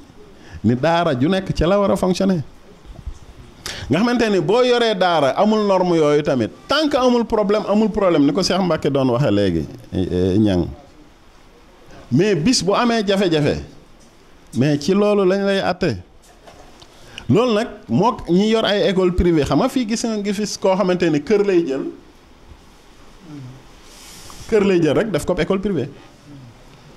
ni daara ju nekk ci la war a fonctionner nga xamante ni boo yoree daara amul norme yooyu tamit tant que amul problème amul problème ni ko Cheikh Mbacke doon waxee léegi ñang eh, eh, mais bis bu amee jafe-jafe mais ci loolu lañ lay àtte loolu nag mook ñi yor ay école privée xam nga fii gis nga ngi koo xamante ni kër lay jël kër lay jël rek def ko école privée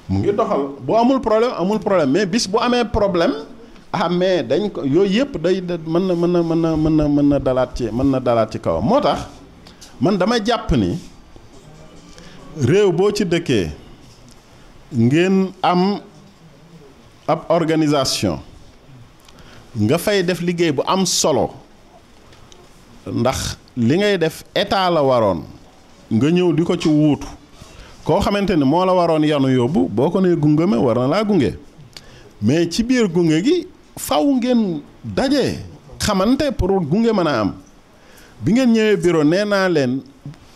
mu ngi doxal bu amul problème amul problème mais bis bu amee problème ah mais dañ ko yooyu yëpp day mën na mën na mën na mën na mën na dalaat ci mën na dalaat ci kaw moo tax man dama jàpp ni réew boo ci dëkkee ngeen am ab organisation nga fay def liggéey bu am solo ndax li ngay def état la waroon nga ñëw di ko ci wuutu koo xamante ni moo la waroon yanu yóbbu boo ko nee gungame war na laa gunge mais ci biir gunge gi faw ngeen daje xamante pour gunge mën a am bi ngeen ñëwee biro nee naa leen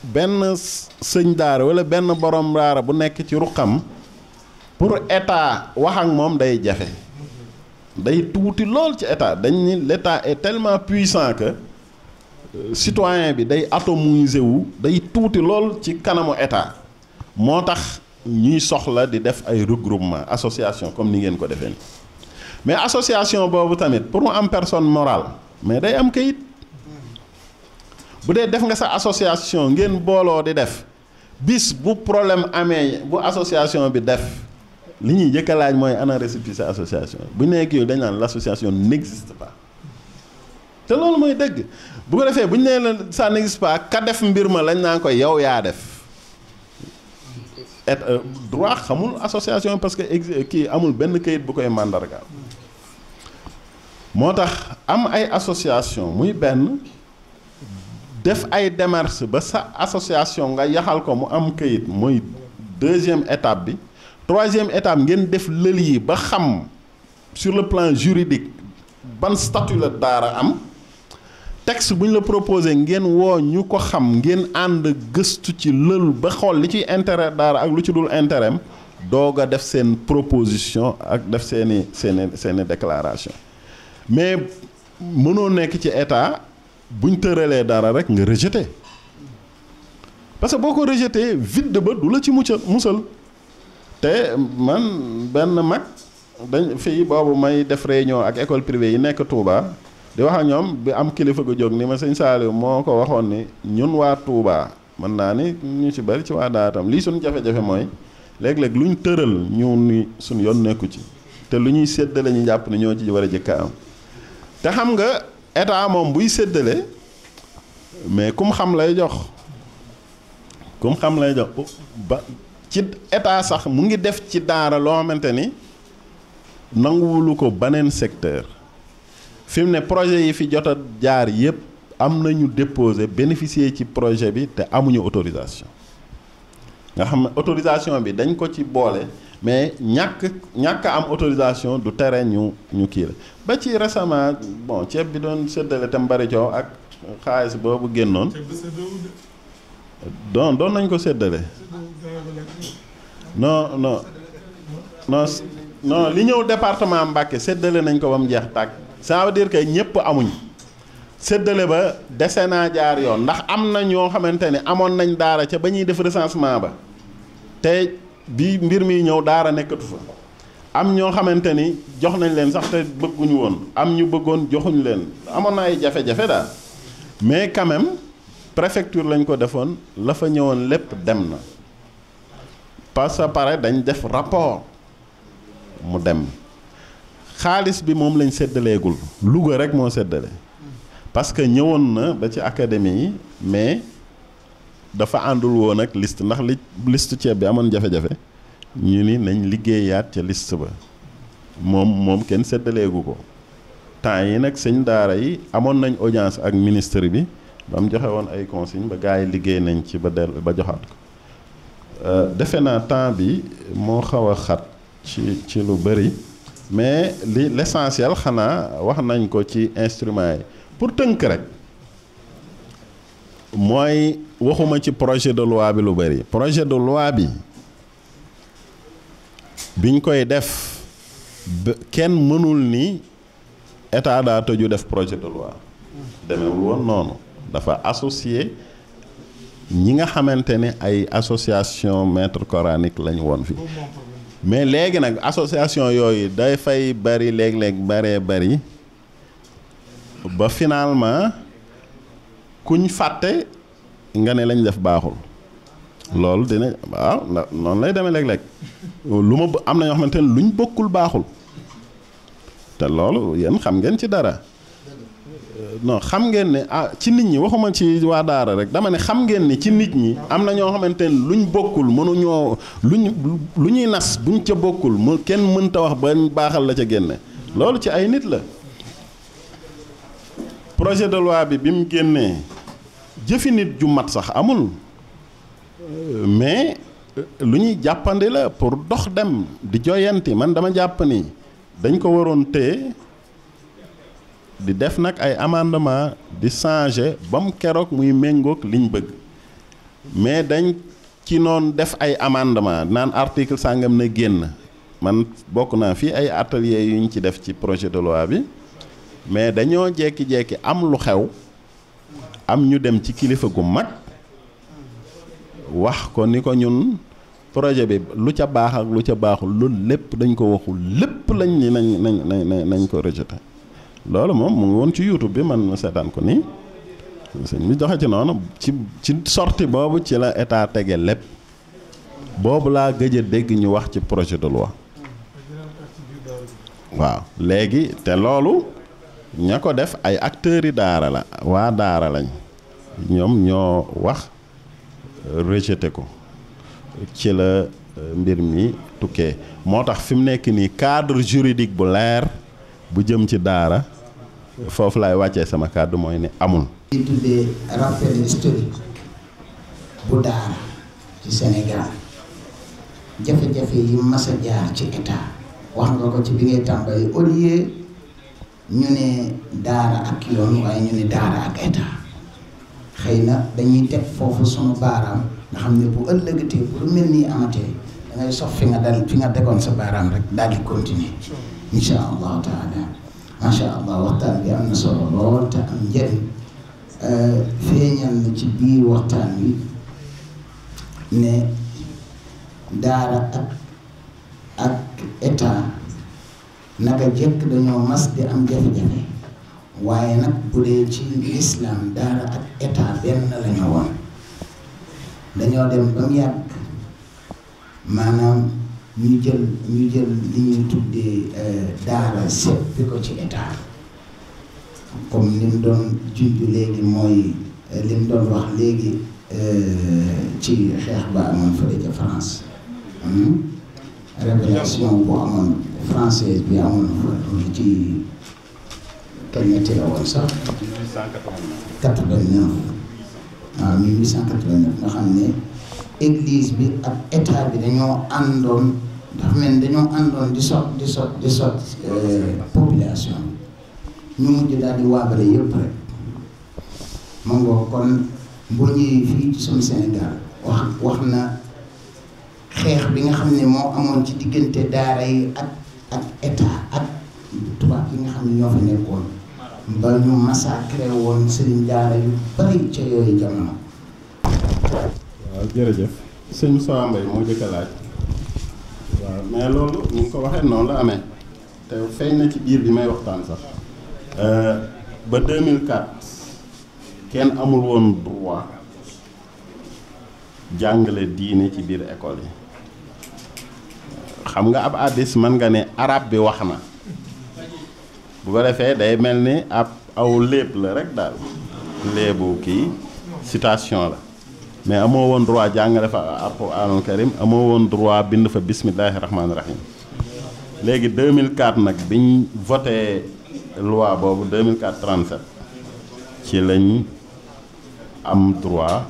benn sëñ daara wala benn borom daara bu nekk ci ruqam pour état wax ak moom day jafe day tuuti lool ci état dañ ni l'état est tellement puissant que euh, citoyen bi day atomisé wu day tuuti lool ci kanamu état moo tax ñuy soxla di def ay regroupement association comme ni ngeen ko defee nii mais association boobu tamit pour mu am personne morale mais day am kayit bu dee def nga sa association ngeen booloo di def bis bu problème amee bu association bi def li ñuy njëkk a laaj mooy ana récépissé sa association bu nekk yooyu dañ naan l' association n'existe pas te loolu mooy dëgg bu ko defee bu ñu nee la ça n'existe pas ka def mbir ma lañ naan ko yow yaa def et euh, droit xamul association parce que kii amul benn kayit bu koy màndargaal moo tax am ay association muy benn def ay démarches ba sa association nga yaxal ko mu am kayit muy deuxième étape bi troisième étape ngeen def lël yi ba xam sur le plan juridique ban statut la daara am texte bu ñu la proposé ngeen woo ñu ko xam ngeen ànd gëstu ci lël ba xool li ciy intérêt daara ak lu ci dul intérêt am doog a def seen proposition ak def seeni seeni seeni déclaration mais mënoo nekk ci état buñ tëralee dara rek nga rejeté parce que boo ko rejeté vide ba du la ci mucca musal te man benn mag dañ fii boobu may def réunion ak école privée yi nekk Touba di wax ak ñoom bi am kilifa gu jóg ni ma sëñ Saliou moo ko waxoon ni ñun waa Touba mën naa ni ñu ci bari ci waa Daatam lii suñu jafe-jafe mooy léeg-léeg lu ñu tëral ñu ni suñu yoon nekku ci te lu ñuy séddale ñu jàpp ne ñoo ci war a jëkka am te xam nga état moom buy séddalee mais kum xam lay jox kum xam lay jox ba ci état sax mu ngi def ci daara loo xamante ni nanguwulu ko beneen secteur fi mu ne projet yi fi jot a jaar yépp am nañu déposé bénéficier ci projet bi te amuñu autorisation nga xam ne autorisation bi dañ ko ci boole. mais ñàkk ñàkk am autorisation du tere ñu ñu kii la ba ci récemment bon ceeb bi doon séddale tam bari coow ak xaalis boobu génnoon. doon doon nañ ko séddale. no non non li ñëw département Mbacké séddale nañ ko ba mu jeex tàkk. ça veut dire que ñëpp amuñ séddale ba dese naa jaar yoon ndax am na ñoo xamante ne amoon nañ daara ca ba ñuy def recensement ba te. bi mbir mi ñëw daara nekkatu fa am ñoo xamante ni jox nañ leen sax te bëgguñu woon am ñu bëggoon joxuñu leen amoon na ay jafe-jafe daal mais quand même préfecture lañ ko defoon la fa ñëwoon lépp dem na parce que pare dañ def rapport mu dem xaalis bi moom lañ séddaleegul Louga rek moo séddale parce que ñëwoon na ba ci académie yi mais. dafa àndul woon ak list ndax li liste ceeb bi amoon jafe-jafe ñu ni nañ liggéeyaat ca liste ba moom moom kenn seddaleegu ko temps yi nag sëñ daara yi amoon nañ audience ak ministre bi ba mu joxe woon ay consigne ba gars yi liggéey nañ ci ba del ba joxaat ko euh, defe naa temps bi moo xaw a xat ci ci lu bëri mais li l'essentiel xanaa wax nañ ko ci instrument yi pour tënk rek mooy waxuma ci projet de loi bi lu bëri projet de loi bi biñ koy def kenn mënul ni état daa tëju def projet de loi demewul woon noonu dafa associé ñi nga xamante ne ay association maître coranique lañu woon fi mais léegi nag association yooyu day fay bëri léeg-léeg bëree bëri ba finalement kuñ fàtte nga ne lañ def baaxul loolu dina waaw noonu lay demee léeg-léeg lu ma am na ñoo xamante ne luñ bokkul baaxul te loolu yéen xam ngeen ci dara non xam ngeen ne ah ci nit ñi waxuma ci waa daara rek dama ne xam ngeen ne ci nit ñi am na ñoo xamante ne luñ bokkul mënuñoo luñ lu ñuy nas buñ ca bokkul mu kenn mënta wax ba baaxal la ca génne loolu ci ay nit la projet de bi bi mu génnee. jëfi nit ju mat sax amul mais euh, lu ñuy jàppandi la pour dox dem di joyanti man dama jàpp ni dañ ko waroon téye di def nag ay amendement di changer ba keroog muy méngoog liñ bëgg mais dañ ci noon def ay amendement naan article sàngam ne génn man bokk naa fii ay atelier ñu ci def ci projet de loi bi mais dañoo jekki-jekki am lu xew am ñu dem ci kilifa gu mag wax ko ni ko ñun projet bi lu ca baax ak lu ca baaxul loolu lépp dañ ko waxul lépp lañ ni nañ nañ nañ nañ ko rejeté loolu moom mu ngi woon ci YouTube bi mën ma seetaan ko ni sëñ mi doxe ci noonu ci ci sortie boobu ci la état tege lépp boobu laa gëj dégg ñu wax ci projet de loi waaw léegi te loolu ña ko def ay acteurs yi daara la waa daara lañ ñoom ñoo wax rejeté ko ci la euh, mbir mi tukkee moo tax fi mu nekk nii cadre juridique bu leer bu jëm ci daara foofu laay wàccee sama kàddu mooy ni amul. bu daara ci Sénégal jafe-jafe yi mas jaar ci état wax nga ko ci bi ngay tàmbali au lieu ñu ne daara ak yoon waaye ñu ne daara ak état xëy na dañuy teg foofu sunu baaraam nga xam ne bu ëllëgatee bu lu mel nii amatee da sox fi nga dal fi nga degoon sa baaraam rek daal di continuer insha allahu taala macha allah waxtaan bi am na solo lool te am njëriñ euh, feeñal na ci biir waxtaan wi ne daara ak ak état naka jëkk dañoo mas di am jafe-jafe waaye nag bu dee ci lislaam daara ak état benn lañu woon dañoo dem ba mu yàgg maanaam ñu jël ñu jël li ñuy tuddee euh, daara seppi ko ci état comme li mu doon junj léegi mooy euh, li mu doon wax léegi euh, ci xeex ba amoon fële ca France. Hmm? révélation bu amoon française bi amoon ci kañ la teewoon sax. 1889. waaw nga xam ne église bi ak état bi dañoo àndoon ndax men dañoo àndoon di sot di sot di sot euh, population ñu mujj daal di waabale yëpp rek ma ngoo kon boo fii ci suñu Sénégal wax wax na. xeex bi nga xam ne moo amoon ci diggante daara yi ak ak état ak tubaab yi nga xam ne ñoo fa nekkoon ba ñu massacré woon sëriñ daara yu bari ca yooyu jamono. waaw jërëjëf sëñ Moussa Mbaye moo jëkk laaj waaw mais loolu ni nga ko waxee noonu la amee te feeñ na ci biir bi may waxtaan sax euh, ba 2004 kenn amul woon droit jàngale diine ci biir école yi. xam nga ab addis mën nga ne arab bi wax na bu ko defee day mel ni ab aw léeb la rek daal léebu kii citation la mais amoo woon droit jàngale fa alquranul karim amoo woon droit bind fa bismillahi rahmaani rahim léegi 2004 nag biñ voté loi boobu 2004 37 ci lañ am droit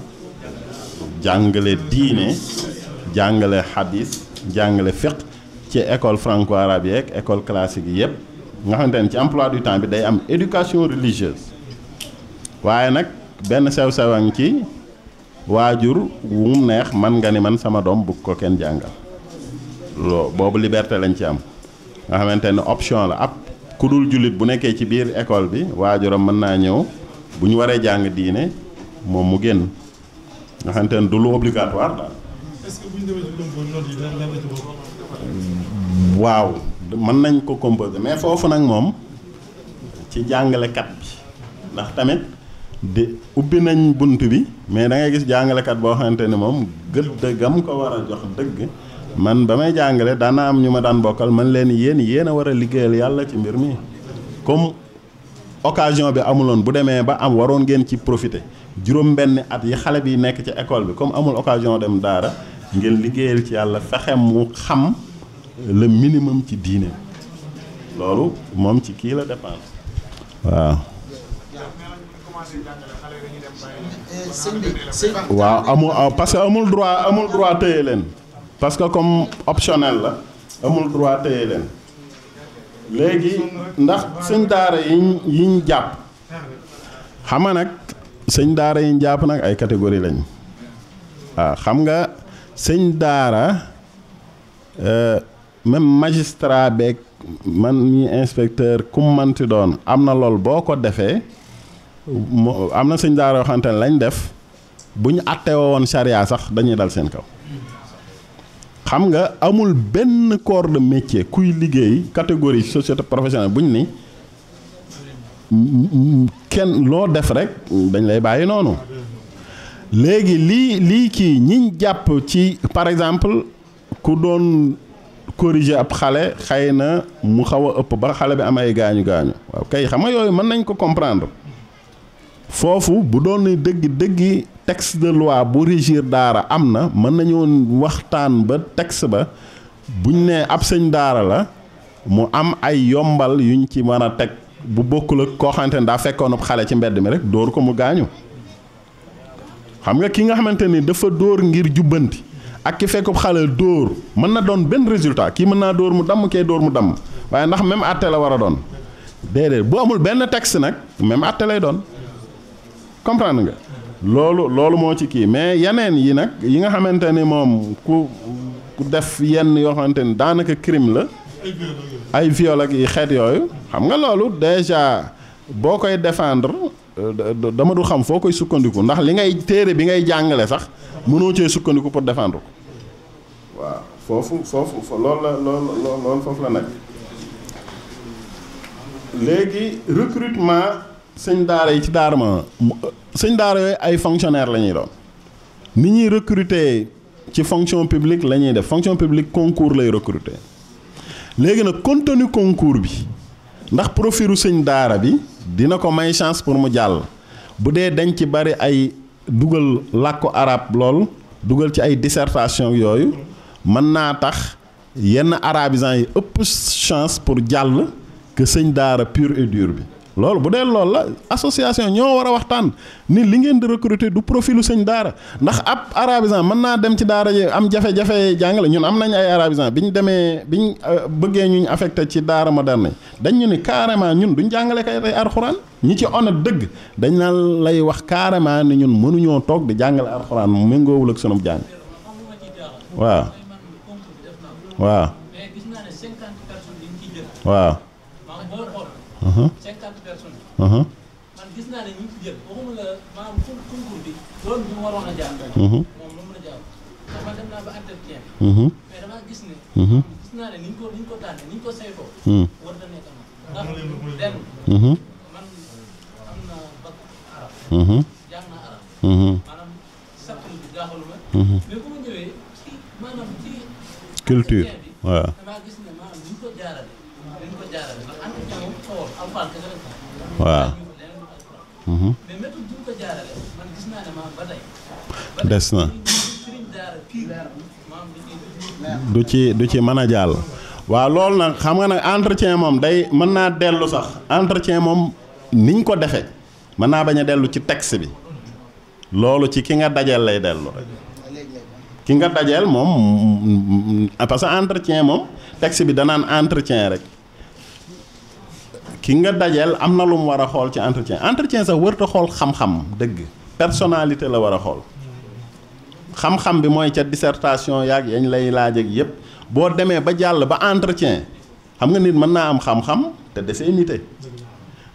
jàngale diine jàngale xadis jàngale fiq ci école franco-arabe yeeg école classique yi yëpp nga xamante ne ci emplois du temps bi day am éducation religieuse waaye nag benn sew-sewan sew ci waajur wu mu neex man nga ni man sama doom bugg ko kenn jàngal loo boobu liberté lañ ci am nga xamante ne option la ab ku dul jullit bu nekkee ci biir école bi waajuram mën naa ñëw bu ñu waree jàng diine moom mu génn nga xamante ne du lu waaw mën nañ ko composer mais foofu nag moom ci jàngalekat bi ndax tamit di ubbi nañ bunt bi mais da ngay gis jàngalekat boo xamante ni moom gëdd gam ko war a jox dëgg man ba may jàngale daana am ñu ma daan bokkal mën leen yéen yéen a war a liggéeyal yàlla ci mbir mi comme occasion bi amuloon bu demee ba am waroon ngeen ci profiter juróom benn at yi xale bi nekk ci école bi comme amul occasion dem daara ngeen liggéeyal ci yàlla fexe mu xam le minimum ci diine loolu moom ci kii la dépendre waaw. waaw amul ah, parce que amul droit amul droit téye leen parce que comme optionnel la amul droit téye leen léegi ndax sëñ daara yiñ yiñ jàpp xam nga nag sëñ daara yiñ jàpp nag ay catégorie lañ waaw ah, xam nga. sëñ daara euh, même magistrat beeg man mi inspecteur ku manti doon am na lool boo ko defee mo am na sëñ daara yoo lañ def bu ñu àtteewoo woon charia sax dañuy dal seen kaw xam nga amul benn corps de métier kuy liggéey catégorie société professionnelle bu ñu ni kenn loo def rek dañ lay bàyyi noonu léegi lii lii kii ñiñ jàpp ci par exemple ku doon corriger ab xale xëy na mu xaw a ëpp ba xale bi am ay gaañu gaañu waaw kay xam nga yooyu mën nañ ko comprendre foofu bu doon dëgg dëggi texte de loi bu régir daara am na mën nañoo waxtaan ba texte ba buñ nee ab sëñ daara la mu am ay yombal yuñ ci mën a teg bu bokkul ak koo xamante ne daa fekkoon ab xale ci mbedd mi rek dóor ko mu gaañu. xam nga kii nga xamante ni dafa dóor ngir jubbanti ak ki fekk xale dóor mën na doon benn résultat kii mën naa dóor mu damm kee dóor mu damm waaye ndax même àtte la war a doon déedéet bu amul benn texte nag même àtte lay doon comprendre nga. loolu loolu moo ci kii mais yeneen yi nag yi nga xamante ni moom ku ku def yenn yoo xamante ni daanaka crime la. ay viol yi xeet yooyu. xam nga loolu déjà boo koy défendre. Euh, dama du xam foo koy sukkandiku ndax li ngay téere bi ngay jàngale sax mënoo cee sukkandiku pour défendre ko waaw foofu foofu loolu la loolu loolu foofu la nag léegi recrutement sëñ daara yi ci daara ma sëñ daara yooyu ay fonctionnaire la ñuy doon ni ñuy recruter ci fonction publique la ñuy def fonction publique concours lay recruter léegi nag contenu concours bi ndax profilu sëñ daara bi. dina ko may chance pour mu jàll bu dee dañ ci bari ay dugal làkku arab lool dugal ci ay dissertation yooyu mën naa tax yenn arabisants yi ëpp chance pour jàll que sëñ daara pur et dur bi loolu bu dee loolu la association ñoo war a waxtaan ni li ngeen di recruter du profilu sëñ daara ndax ab arabisant mën naa dem ci daara ji am jafe-jafe jàngale ñun am nañ ay arabisant bi ñu demee bi ñu euh, bëggee ñu affecté ci daara moderne dañ ñu ni carrément ñun duñ jàngale kay tey alxuraan ñi ci honnête dëgg dañ naan lay wax carrément ni ñun mënuñoo toog di jàngale alxuraan méngoowul ak sunub jàng waaw waaw waaw. Uh-huh. man gis naa ne ñu ngi ci jël waxuma la maanaam concours bi loolu ñu waroon a jaar uh-huh. moom moom la jaar ndax man dem naa ba entretien uh-huh. mais damaa gis ne gis naa ne ni ñu ko ni ñu ko tànne ni ñu ko saytoo hmm. war na nekk am ndax lenn man am na bac arab jàng naa arab maanaam sàkk bi jaaxalu ma mais bu ma ñëwee ci maanaam ci culture waaw waaw. Mhm. des na. du ci du ci mën a jàll. waaw loolu nag xam nga nag entretien moom day mën naa dellu sax entretien moom niñ ko defee mën naa bañ a dellu ci tex bi loolu ci ki nga dajeel lay dellu rek ki nga dajeel moom parce que entretien moom texte bi danaan entretien rek. ki nga dajeel am na lu mu war a xool ci entretien entretien sax warut a xool xam-xam dëgg personnalité la war a xool xam-xam bi mooy ca dissertation yaag yañ lay laaj ak yépp boo demee ba jàll ba entretien xam nga nit mën naa am xam-xam te desee nite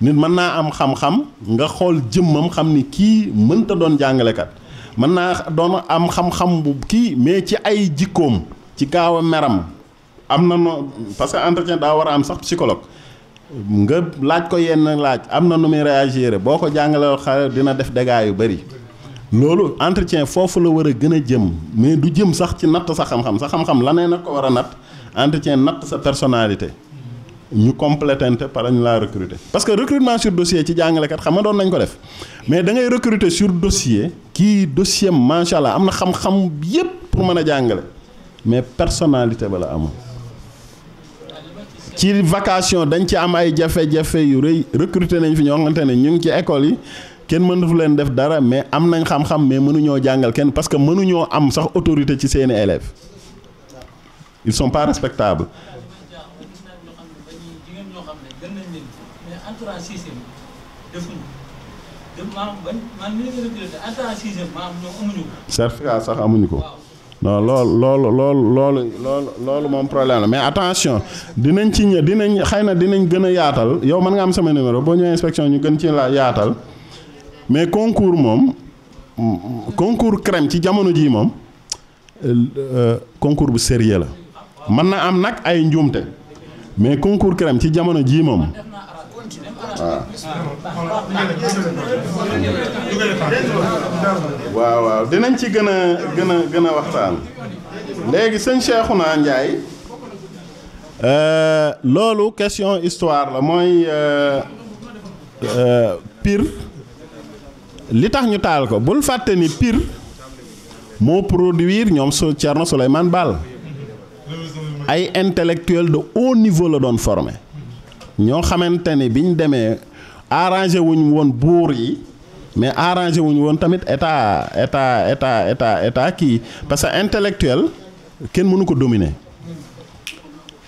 nit mën naa am xam-xam nga xool jëmmam xam ni kii mënta doon jàngalekat mën naa doon am xam-xam bu kii mais ci ay jikkoom ci gaaw a meram am na no parce que entretien daa war a am sax psychologue nga laaj ko yenn laaj am na nu muy réagir boo ko jàngalee xale dina def dégâts yu bëri loolu entretien foofu la war a gën a jëm mais du jëm sax ci natt sa xam-xam sa xam-xam lanee na ko war a natt entretien natt sa personnalité ñu complétante par ñu laa recruter. parce que recrutement sur dossier ci jàngalekat xam ma doon nañ ko def mais da ngay recruter sur dossier kii dossier macha allah am na xam-xam yépp pour mën a jàngale mais personnalité ba la amul. ci vacation dañ ci am ay jafe-jafe yu rëy recruter nañ fi ñoo xamante ne ñu ngi ci école yi kenn mënatu leen def dara mais am nañ xam-xam mais mënuñoo jàngal kenn parce que mënuñoo am sax autorité ci seeni élèves ils sont pas respectables. certificat sax amuñu ko. non loolu loolu loolu loolu loolu loolu moom problème la mais attention dinañ ci ñë dinañ xëy na dinañ gën a yaatal yow mën nga am sama numéro boo ñëwee inspection ñu gën ci la yaatal mais concours moom concours crème ci jamono jii moom euh, concours bu sérieux la mën na am nag ay njuumte mais concours crème ci jamono jii moom waaw waaw dinañ ci gën a gën a gën a waxtaan léegi sëñ Cheikhouna Ndiaye euh, loolu question histoire la mooy euh, euh, piir li tax ñu taal ko bul fàtte ni Pire moo produire ñoom su Thierno Souleymane Baal ay intellectuel de haut niveau la doon formé ñoo xamante ni biñ demee arrangé wuñ woon buur yi mais arrangé wuñ woon tamit état état état état état kii parce que intellectuel kenn mënu ko dominer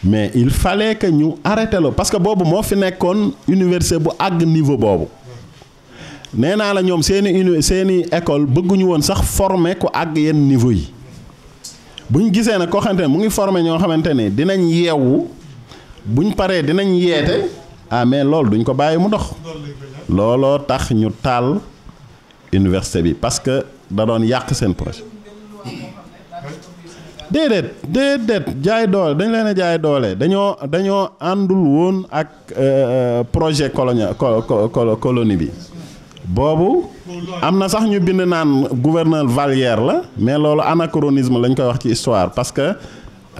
mais il fallait que ñu arrêté lo parce que boobu moo fi nekkoon université bu àgg niveau boobu nee naa la ñoom seeni uni seeni école bëgguñu woon sax former ku àgg yenn niveau yi bu gisee nag koo mu ngi former ñoo xamante ne dinañ yeewu. buñ paree dinañ yeete ah mais loolu duñ ko bàyyi mu ndox looloo tax ñu taal université bi parce que da doon yàq seen projet déedéet déedéet jaay doole dañu leen a jaay doole dañoo dañoo àndul woon ak euh, projet colonia colonie bi boobu am na sax ñu bind naan gouverneur Valière la mais loolu anachronisme lañ koy wax ci histoire parce que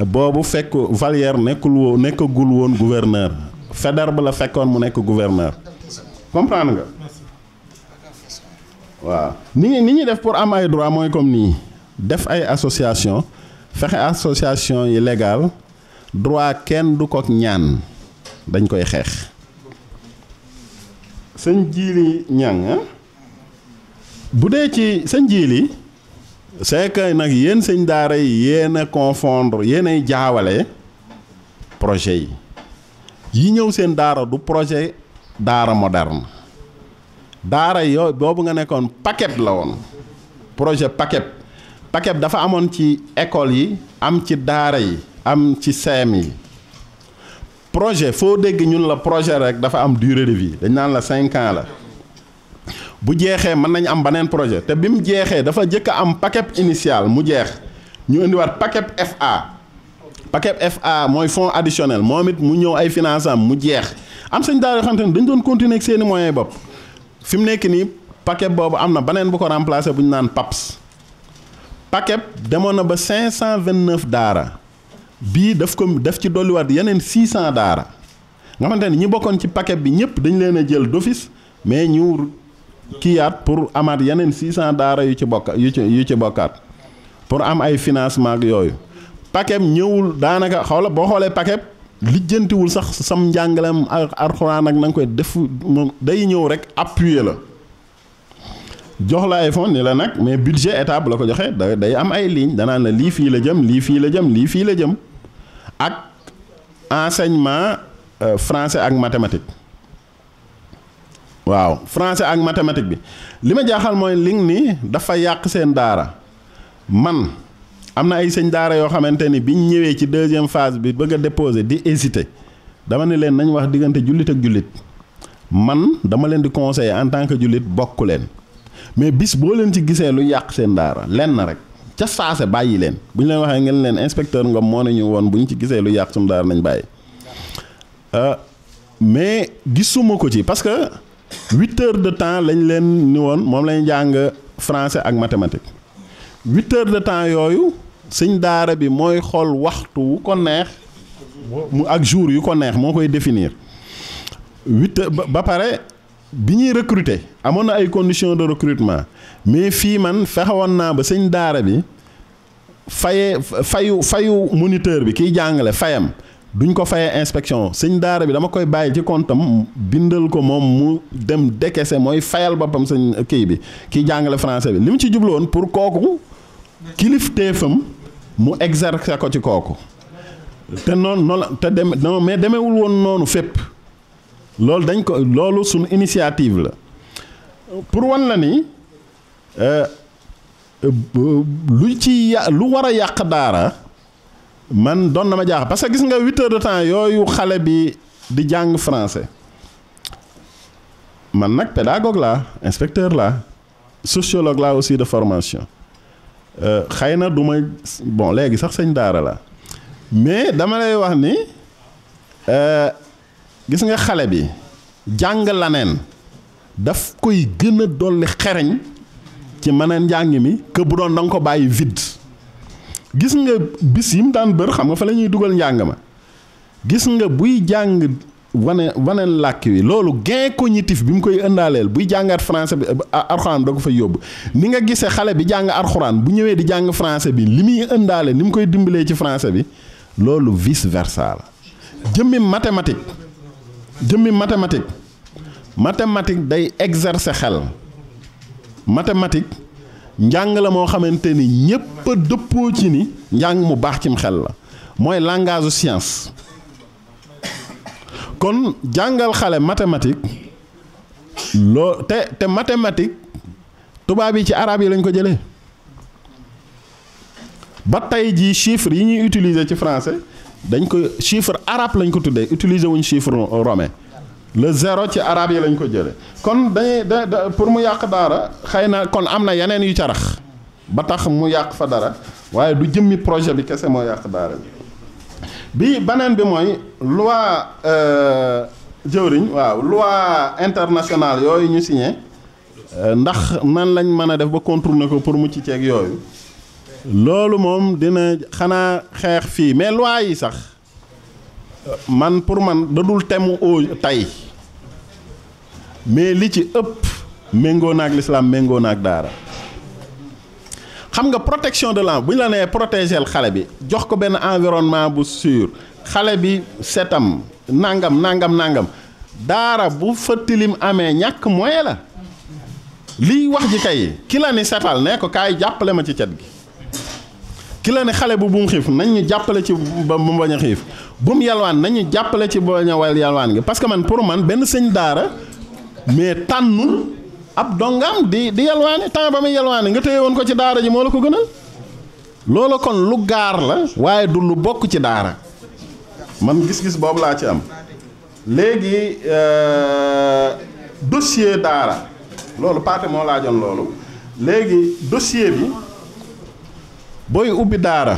boobu fekk Vallière nekkul woon nekkagul woon gouverneur Faidherbe la fekkoon mu nekk gouverneur comprendre nga waaw ni ni ñuy def pour am ay droit mooy comme nii def ay association fexe association yi légal droit kenn du ko ñaan dañ koy xeex sëñ jiili ñàng ah? bu dee ci sëñ jiili c'est yi nag yéen sëñ daara yi yéen a confondre yéen ay jaawale projet yi yi ñëw seen daara du projet daara moderne daara yo boobu nga nekkoon paquet la woon projet paquet paquet dafa amoon ci école yi am ci daara yi am ci seem yi projet foo dégg ñun la projet rek dafa am durée de vie dañ naan la cinq la bu jeexee mën nañ am beneen projet te bi mu jeexee dafa jëkk a am paquet initial mu jeex ñu indiwaat paquet FA paquet FA mooy fonds additionnel moom it mu ñëw ay finance mu jeex am sañ daal yoxante xamante dañu doon continuer ak seeni moyens bopp fi mu nekk nii paquet boobu am na beneen bu ko remplacé bu ñu naan PAPS paquet demoon na ba 529 daara bii daf ko def ci dolliwaat yeneen 600 daara nga xamante ni ñi bokkoon ci paquet bi ñëpp dañ leen a jël dofis mais ñu. kiiyaat pour amaat yeneen 600 daara yu ci bokka yu ci yu ci bokkaat pour am ay financement yooyu paquet ñëwul daanaka xaw la boo xoolee paquet lijjantiwul sax sam njàngaleem ak alxuraan ak na nga koy def day ñëw rek appuyer la jox la ay fonds ni la nag mais budget état la ko joxee da day am ay ligne danaan na lii fii la jëm lii fii la jëm lii fii la jëm ak enseignement euh, français ak mathématique waaw français ak mathématique bi li ma jaaxal mooy li ni dafa yàq seen daara man am na ay sëñ daara yoo xamante ni biñ ñëwee ci deuxième phase bi bëgg a déposer di hésiter dama ne leen nañu wax diggante jullit ak jullit man dama leen di conseiller en tant que jullit bokk leen mais bis boo leen ci gisee lu yàq seen daara lenn rek ca saase bàyyi leen bu ñu leen waxee ngeen leen inspecteur ngoom moo ne ñu woon bu ñu ci gisee lu yàq suñu daara nañu bàyyi euh, mais gisuma ko ci parce que. huit heures de temps lañ leen ni woon moom lañ jàng français ak mathématique huit de temps yooyu sëñ daara bi mooy xool waxtu wu ko mu ak jour yu ko neex moo koy définir huit ba pare bi ñuy recruter amoon na ay conditions de recrutement mais fii man fexewoon naa ba sëñ daara bi faye fayu fayu moniteur bi kiy jàngale fayam duñ ko fayee inspection sëñ daara bi dama koy bàyyi ci kontam bindal ko moom mu dem dekese mooy fayal boppam sëñ kii bi kii jàngale français bi li mu ci jublu woon pour kooku kilifteefam mu exercer ko ci kooku te noonu noonu te dem non mais demewul woon noonu fépp loolu dañ ko loolu suñu initiative la pour wan la ni euh, euh, lu ci lu war a yàq daara man doon na ma jaax parce que gis nga huit heures de temps yooyu xale bi di jàng français man nag pédagogue laa inspecteur laa sociologue laa aussi de formation euh, xëy na du ma bon léegi sax sëñ daara la mais dama lay wax ni euh, gis nga xale bi jàng laneen daf koy gën a dolli xereñ ci maneen njàng mi que bu doon da ko bàyyi vide gis nga bis yim daan bër xam nga fa la ñuy dugal njàng ma gis nga buy jàng wane waneen làkk wi loolu gain cognitif bi mu koy indaaleel buy jàngaat français bi arxuraan da ko fa yóbbu ni nga gisee xale bi jàng arxuraan bu ñëwee di jàng français bi li muy ëndaale ni mu koy dimbalee ci français bi loolu vice versa la jëmmi mathématique jëmmi mathématique mathématique day exercer xel mathématique njàng la moo xamante ni ñépp a dëppoo ci ni njàng mu baax cim xel la mooy langage science kon jàngal xale mathématique loo te te mathématique tubaab yi ci arab yi lañ ko jëlee ba tey jii chiffres yi ñuy utiliser ci français dañ ko chiffre arabe lañ ko tuddee utiliser wuñ chiffre romain le zéro ci arab yi lañ ko jële kon dañuy da pour mu yàq daara xëy na kon am na yeneen yu carax ba tax mu yàq fa dara waaye du jëmmi projet bi kese moo yàq daara bi bi beneen bi mooy loi euh, jëwriñ waaw loi internationale yooyu ñu signé euh, ndax man lañ mën a def ba contourner ko pour mu ci ceeg yooyu loolu moom dina xanaa xeex fii mais loi yi sax euh, man pour man dadul temu au tey mais li ci ëpp méngoo naag lislaam méngoo naag daara xam nga protection de l'enfant bu ñu la nee protégeel xale bi jox ko benn environnement bu sûr xale bi setam nangam nangam nangam daara bu fa tilim amee ñàkk moyen la liy wax ji kay ki la ni setal ne ko kaay jàppale ma ci cet gi ki la ne xale bu bum xiif nañ ñu jàppale ci ba mu bañ a xiif bum yalwaan nañ ñu jàppale ci bañ a wal yalwaan gi parce que man pour man benn sëñ daara. mais tànnul ab dongam di di yalwaane temps ba muy yalwaane nga téye woon ko ci daara ji moo la ko gënal loola kon lu gaar la waaye du lu bokk ci daara man gis-gis boobu laa ci am léegi euh, dossier daara loolu paate moo laa jon loolu léegi dossier bi booy ubbi daara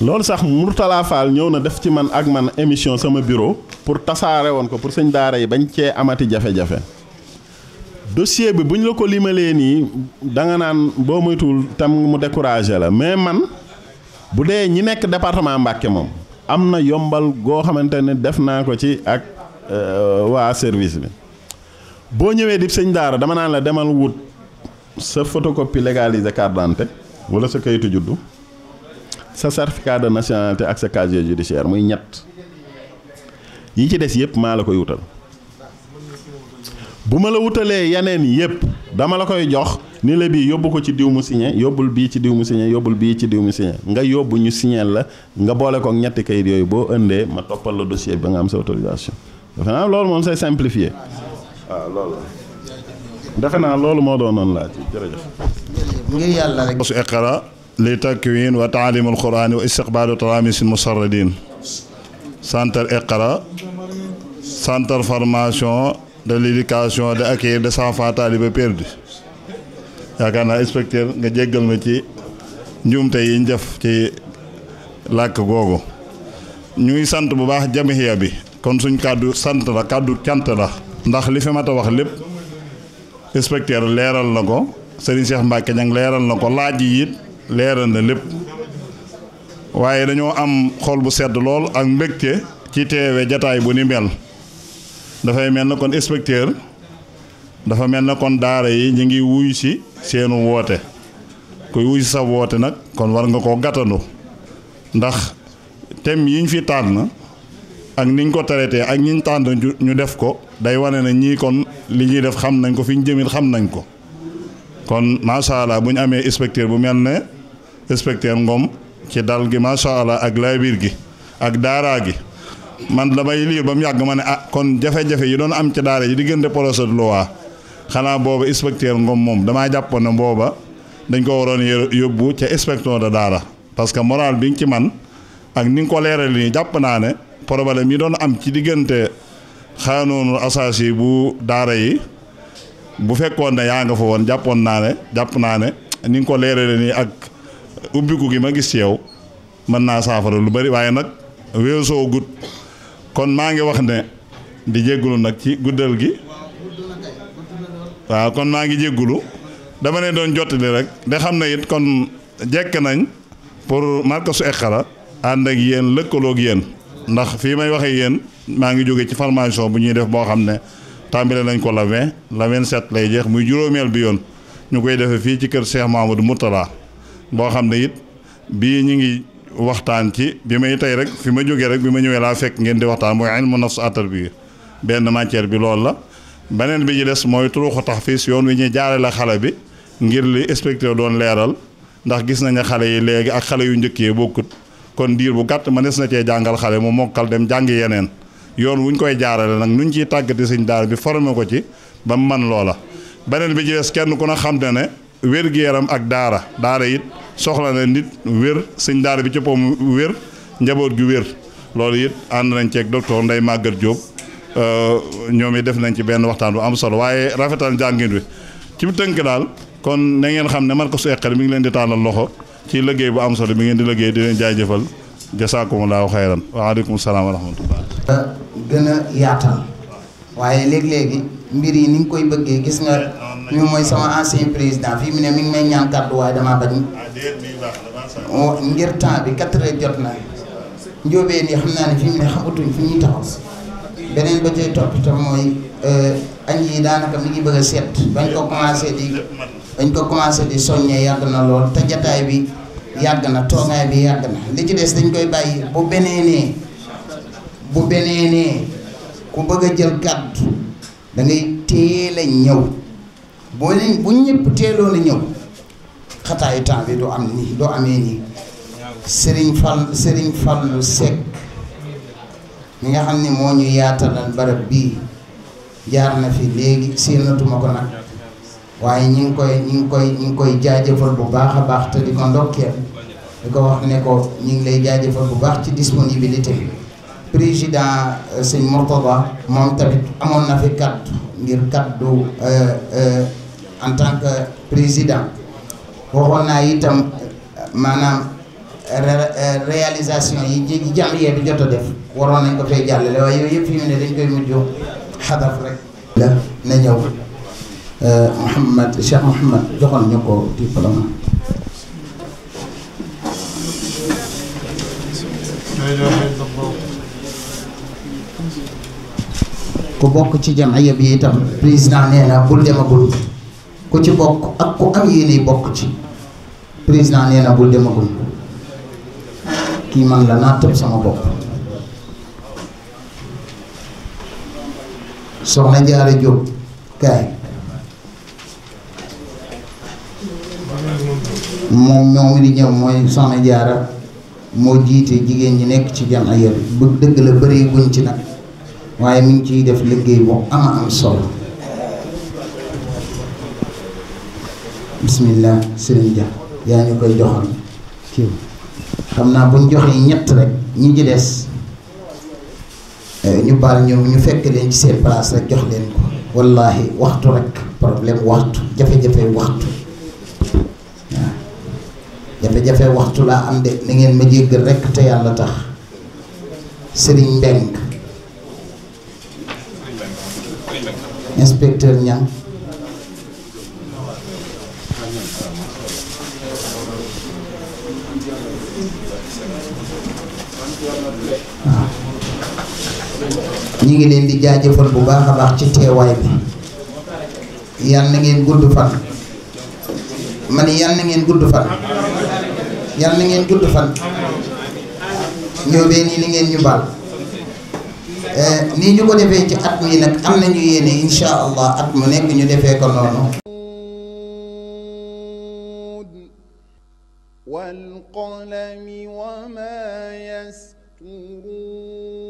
loolu sax Mourtala Fall ñëw na def ci man ak man émission sama bureau pour tasaare woon ko pour sëñ daara yi bañ cee amati jafe-jafe dossier bi bu ñu la ko liimalee nii da nga naan boo moytuwul tam mu découragé la mais man bu dee ñi nekk département Mbàkke moom am na yombal goo xamante ne def naa ko ci ak euh, waa service bi boo ñëwee di sëñ daara dama naan la demal wut sa photocopie légalisée carte d'identité wala sa kayitu juddu sa certificat de nationalité ak sa casier judiciaire muy ñett yi ci des yëpp maa la koy wutal bu ma la wutalee yeneen yëpp dama la koy jox ni la bii yóbbu ko ci diw mu signé yóbbul bii ci diw mu signé yóbbul bii ci diw mu signé nga yóbbu ñu signé la nga boole kook ñetti kayit yooyu boo indee ma toppal la dossier bi ba nga am sa autorisation defe naa loolu moom c'est simplifié waaw ah, loolu la defe naa loolu moo doonoon laaj jërëjëf. ngir yàlla li takwin wa taalimul quraan wa istiqbaalu talaamisin musarradin centre Iqra centre formation de l'éducation de accueil des enfants talibés perdus yaakaar naa inspecteur nga jéggal ma ci njuumte yiñ def ci làkk googu ñuy sant bu baax jamihiya bi kon suñ kàddu sant la kàddu cant la ndax li fi mat wax lépp inspecteur leeral na ko Serigne Cheikh Mbacke ñang leeral na ko laaj yi leeral na lépp waaye dañoo am xol bu sedd lool ak mbégte ci teewe jataay bu ni mel dafay mel na kon inspecteur dafa mel na kon daara yi ñu ngi wuyu si seenu woote kuy wuyu si sa woote nag kon war nga koo gàttandu ndax thème yiñ fi tànn ak niñ ko traité ak ñiñ tànn ñu def ko day wane na ñii kon li ñuy def xam nañ ko fi ñu jëmit xam nañ ko kon macha allah bu ñu amee inspecteur bu mel ne inspecteur Ngom ci dal gi macha allah ak laabiir gi ak daara gi man damay liir ba mu yàgg ma ne ah kon jafe-jafe yi doon am ci daara yi diggante projet de xanaa booba inspecteur Ngom moom damaa jàppoon ne booba dañ ko waroon yóbbu ca inspecteur de daara parce que moral bi nga ci man ak ni nga ko leeral nii jàpp naa ne problème yi doon am ci diggante xaanoonu asaas yi bu daara yi bu fekkoon ne yaa nga fa woon jàppoon naa ne jàpp naa ne ni nga ko leerale nii ak ubbiku gi ma gis ci yow mën naa saafara lu bari waaye nag weesoo gut kon maa ngi wax ne di jéggulu nag ci guddal gi waaw kon maa ngi jéggulu dama ne doon jottali rek de xam ne it kon jekk nañ pour markasu Iqra ànd ak yéen lëkkaloog yéen ndax fii may waxe yéen maa ngi jóge ci formation bu ñuy def boo xam ne tàmbale nañ ko la 20 la 27 lay jeex muy juróomeel bi yoon ñu koy defee fii ci kër Cheikh du Mourtala boo xam ne it bii ñu ngi waxtaan ci bi may tey rek fi ma jógee rek bi ma ñëwee laa fekk ngeen di waxtaan mooy ilmu su at-tarbiya benn matière bi lool la beneen bi ci des mooy turuxu tahfiis yoon wi ñuy jaare xale bi ngir li inspecteur doon leeral ndax gis nañu xale yi léegi ak xale yu njëkk yi bokkut kon diir bu gàtt mënees na cee jàngal xale mu mokkal dem jàng yeneen yoon wuñ koy jaarale nag nuñ ciy tàggati siñ daara bi formé ko ci ba mu man loola beneen wér-gu-yaram ak daara daara it soxla na nit wér sëñ daara bi ci poom wér njaboot gi wér loolu it ànd nañ ceeg docteur Ndeye Maguette Diop euh, ñoom it def nañ ci benn waxtaan bu am solo waaye rafetal jàngin wi ci bu tënk daal kon na ngeen xam ne ko Aqal mi ngi leen di tàllal loxo ci liggéey bu am solo bi ngeen di liggéey di leen jaajëfal jasaakumullaahu xayran wa aleykum salaam wa rahmatullah gën a yaatal waaye léegi-léegi mbir yi ni nga koy bëggee gis nga ñu mooy sama ancien président fii mu ne mi ngi may ñaan kàddu waaye damaa bañ oh, ngir temps bi quatre jot na njóobee ni xam naa ne fii mu ne xamatuñ fi ñuy taxaw beneen ba tey topp te mooy euh, añ yi daanaka mi ngi bëgg a seet bañ ko commencé di bañ ko commencé di soññee yàgg na lool te jataay bi yàgg na toogaay bi yàgg na li ci des dañ koy bàyyi bu beneenee bu beneenee ku bëgg a jël kàddu da ngay teel ñëw boo leen bu ñëpp teeloon a ñëw xataayu temps bi doo am nii doo amee nii Serigne Fall Serigne Fallu Seck mi nga xam ni moo ñu yaatalal barab bii jaar na fi léegi natuma ko nag waaye ñi ngi koy ñi ngi koy ñi ngi koy jaajëfal bu baax a baax te di ko ndokkeel di ko wax ne ko ñi ngi lay jaajëfal bu baax ci disponibilité bi président euh, sëñ Mourtada moom tamit amoon na fi kaddu ngir kaddu euh, euh, en tant que président waxoon naa itam maanaam réalisation yi ji jàmyee bi jot a def waroon nañ ko jàll jàllale waaye yooyu yëpp fi mu ne dañ koy mujj xadaf rek la na ñëw Mouhamad Cheikh Mouhamad joxoon ñu ko diplôme ku bokk ci jamiya bi itam président nee na bul demagul ku ci bokk ak ku am yéene bokk ci président nee na bul demagul kii man la naa tëb sama bopp soxna jaare jóg kaay moom ñoom di ñëw mooy soxna jaara moo jiite jigéen ñi nekk ci jamiya bi bu dëgg la bëri guñ ci nag waaye mi ngi ciy def liggéey bu ama am solo bismillah sëriñ ja yaa ñu koy joxal kii xam naa buñ joxee ñett rek ñi ci des eh, ñu baal ñoom ñu fekk leen ci seen place rek jox leen ko waxtu rek problème waxtu jafe-jafe waxtu jafe-jafe waxtu laa am de na ngeen ma jéggal rek te yàlla tax sëriñ Mbeng inspecteur Niang ah. ñi ngi leen di jaajëfal bu baax a baax ci teewaay bi yal na ngeen gudd fan ma ne yal na ngeen gudd fan yal na ngeen gudd fan ñoo bee nii ni ngeen ñu baal Eh, nii ñu ko defee ci at yi nag am nañu yéene incha allah at mu nekk ñu defee ko noonu. wal qalami wa ma yasturuun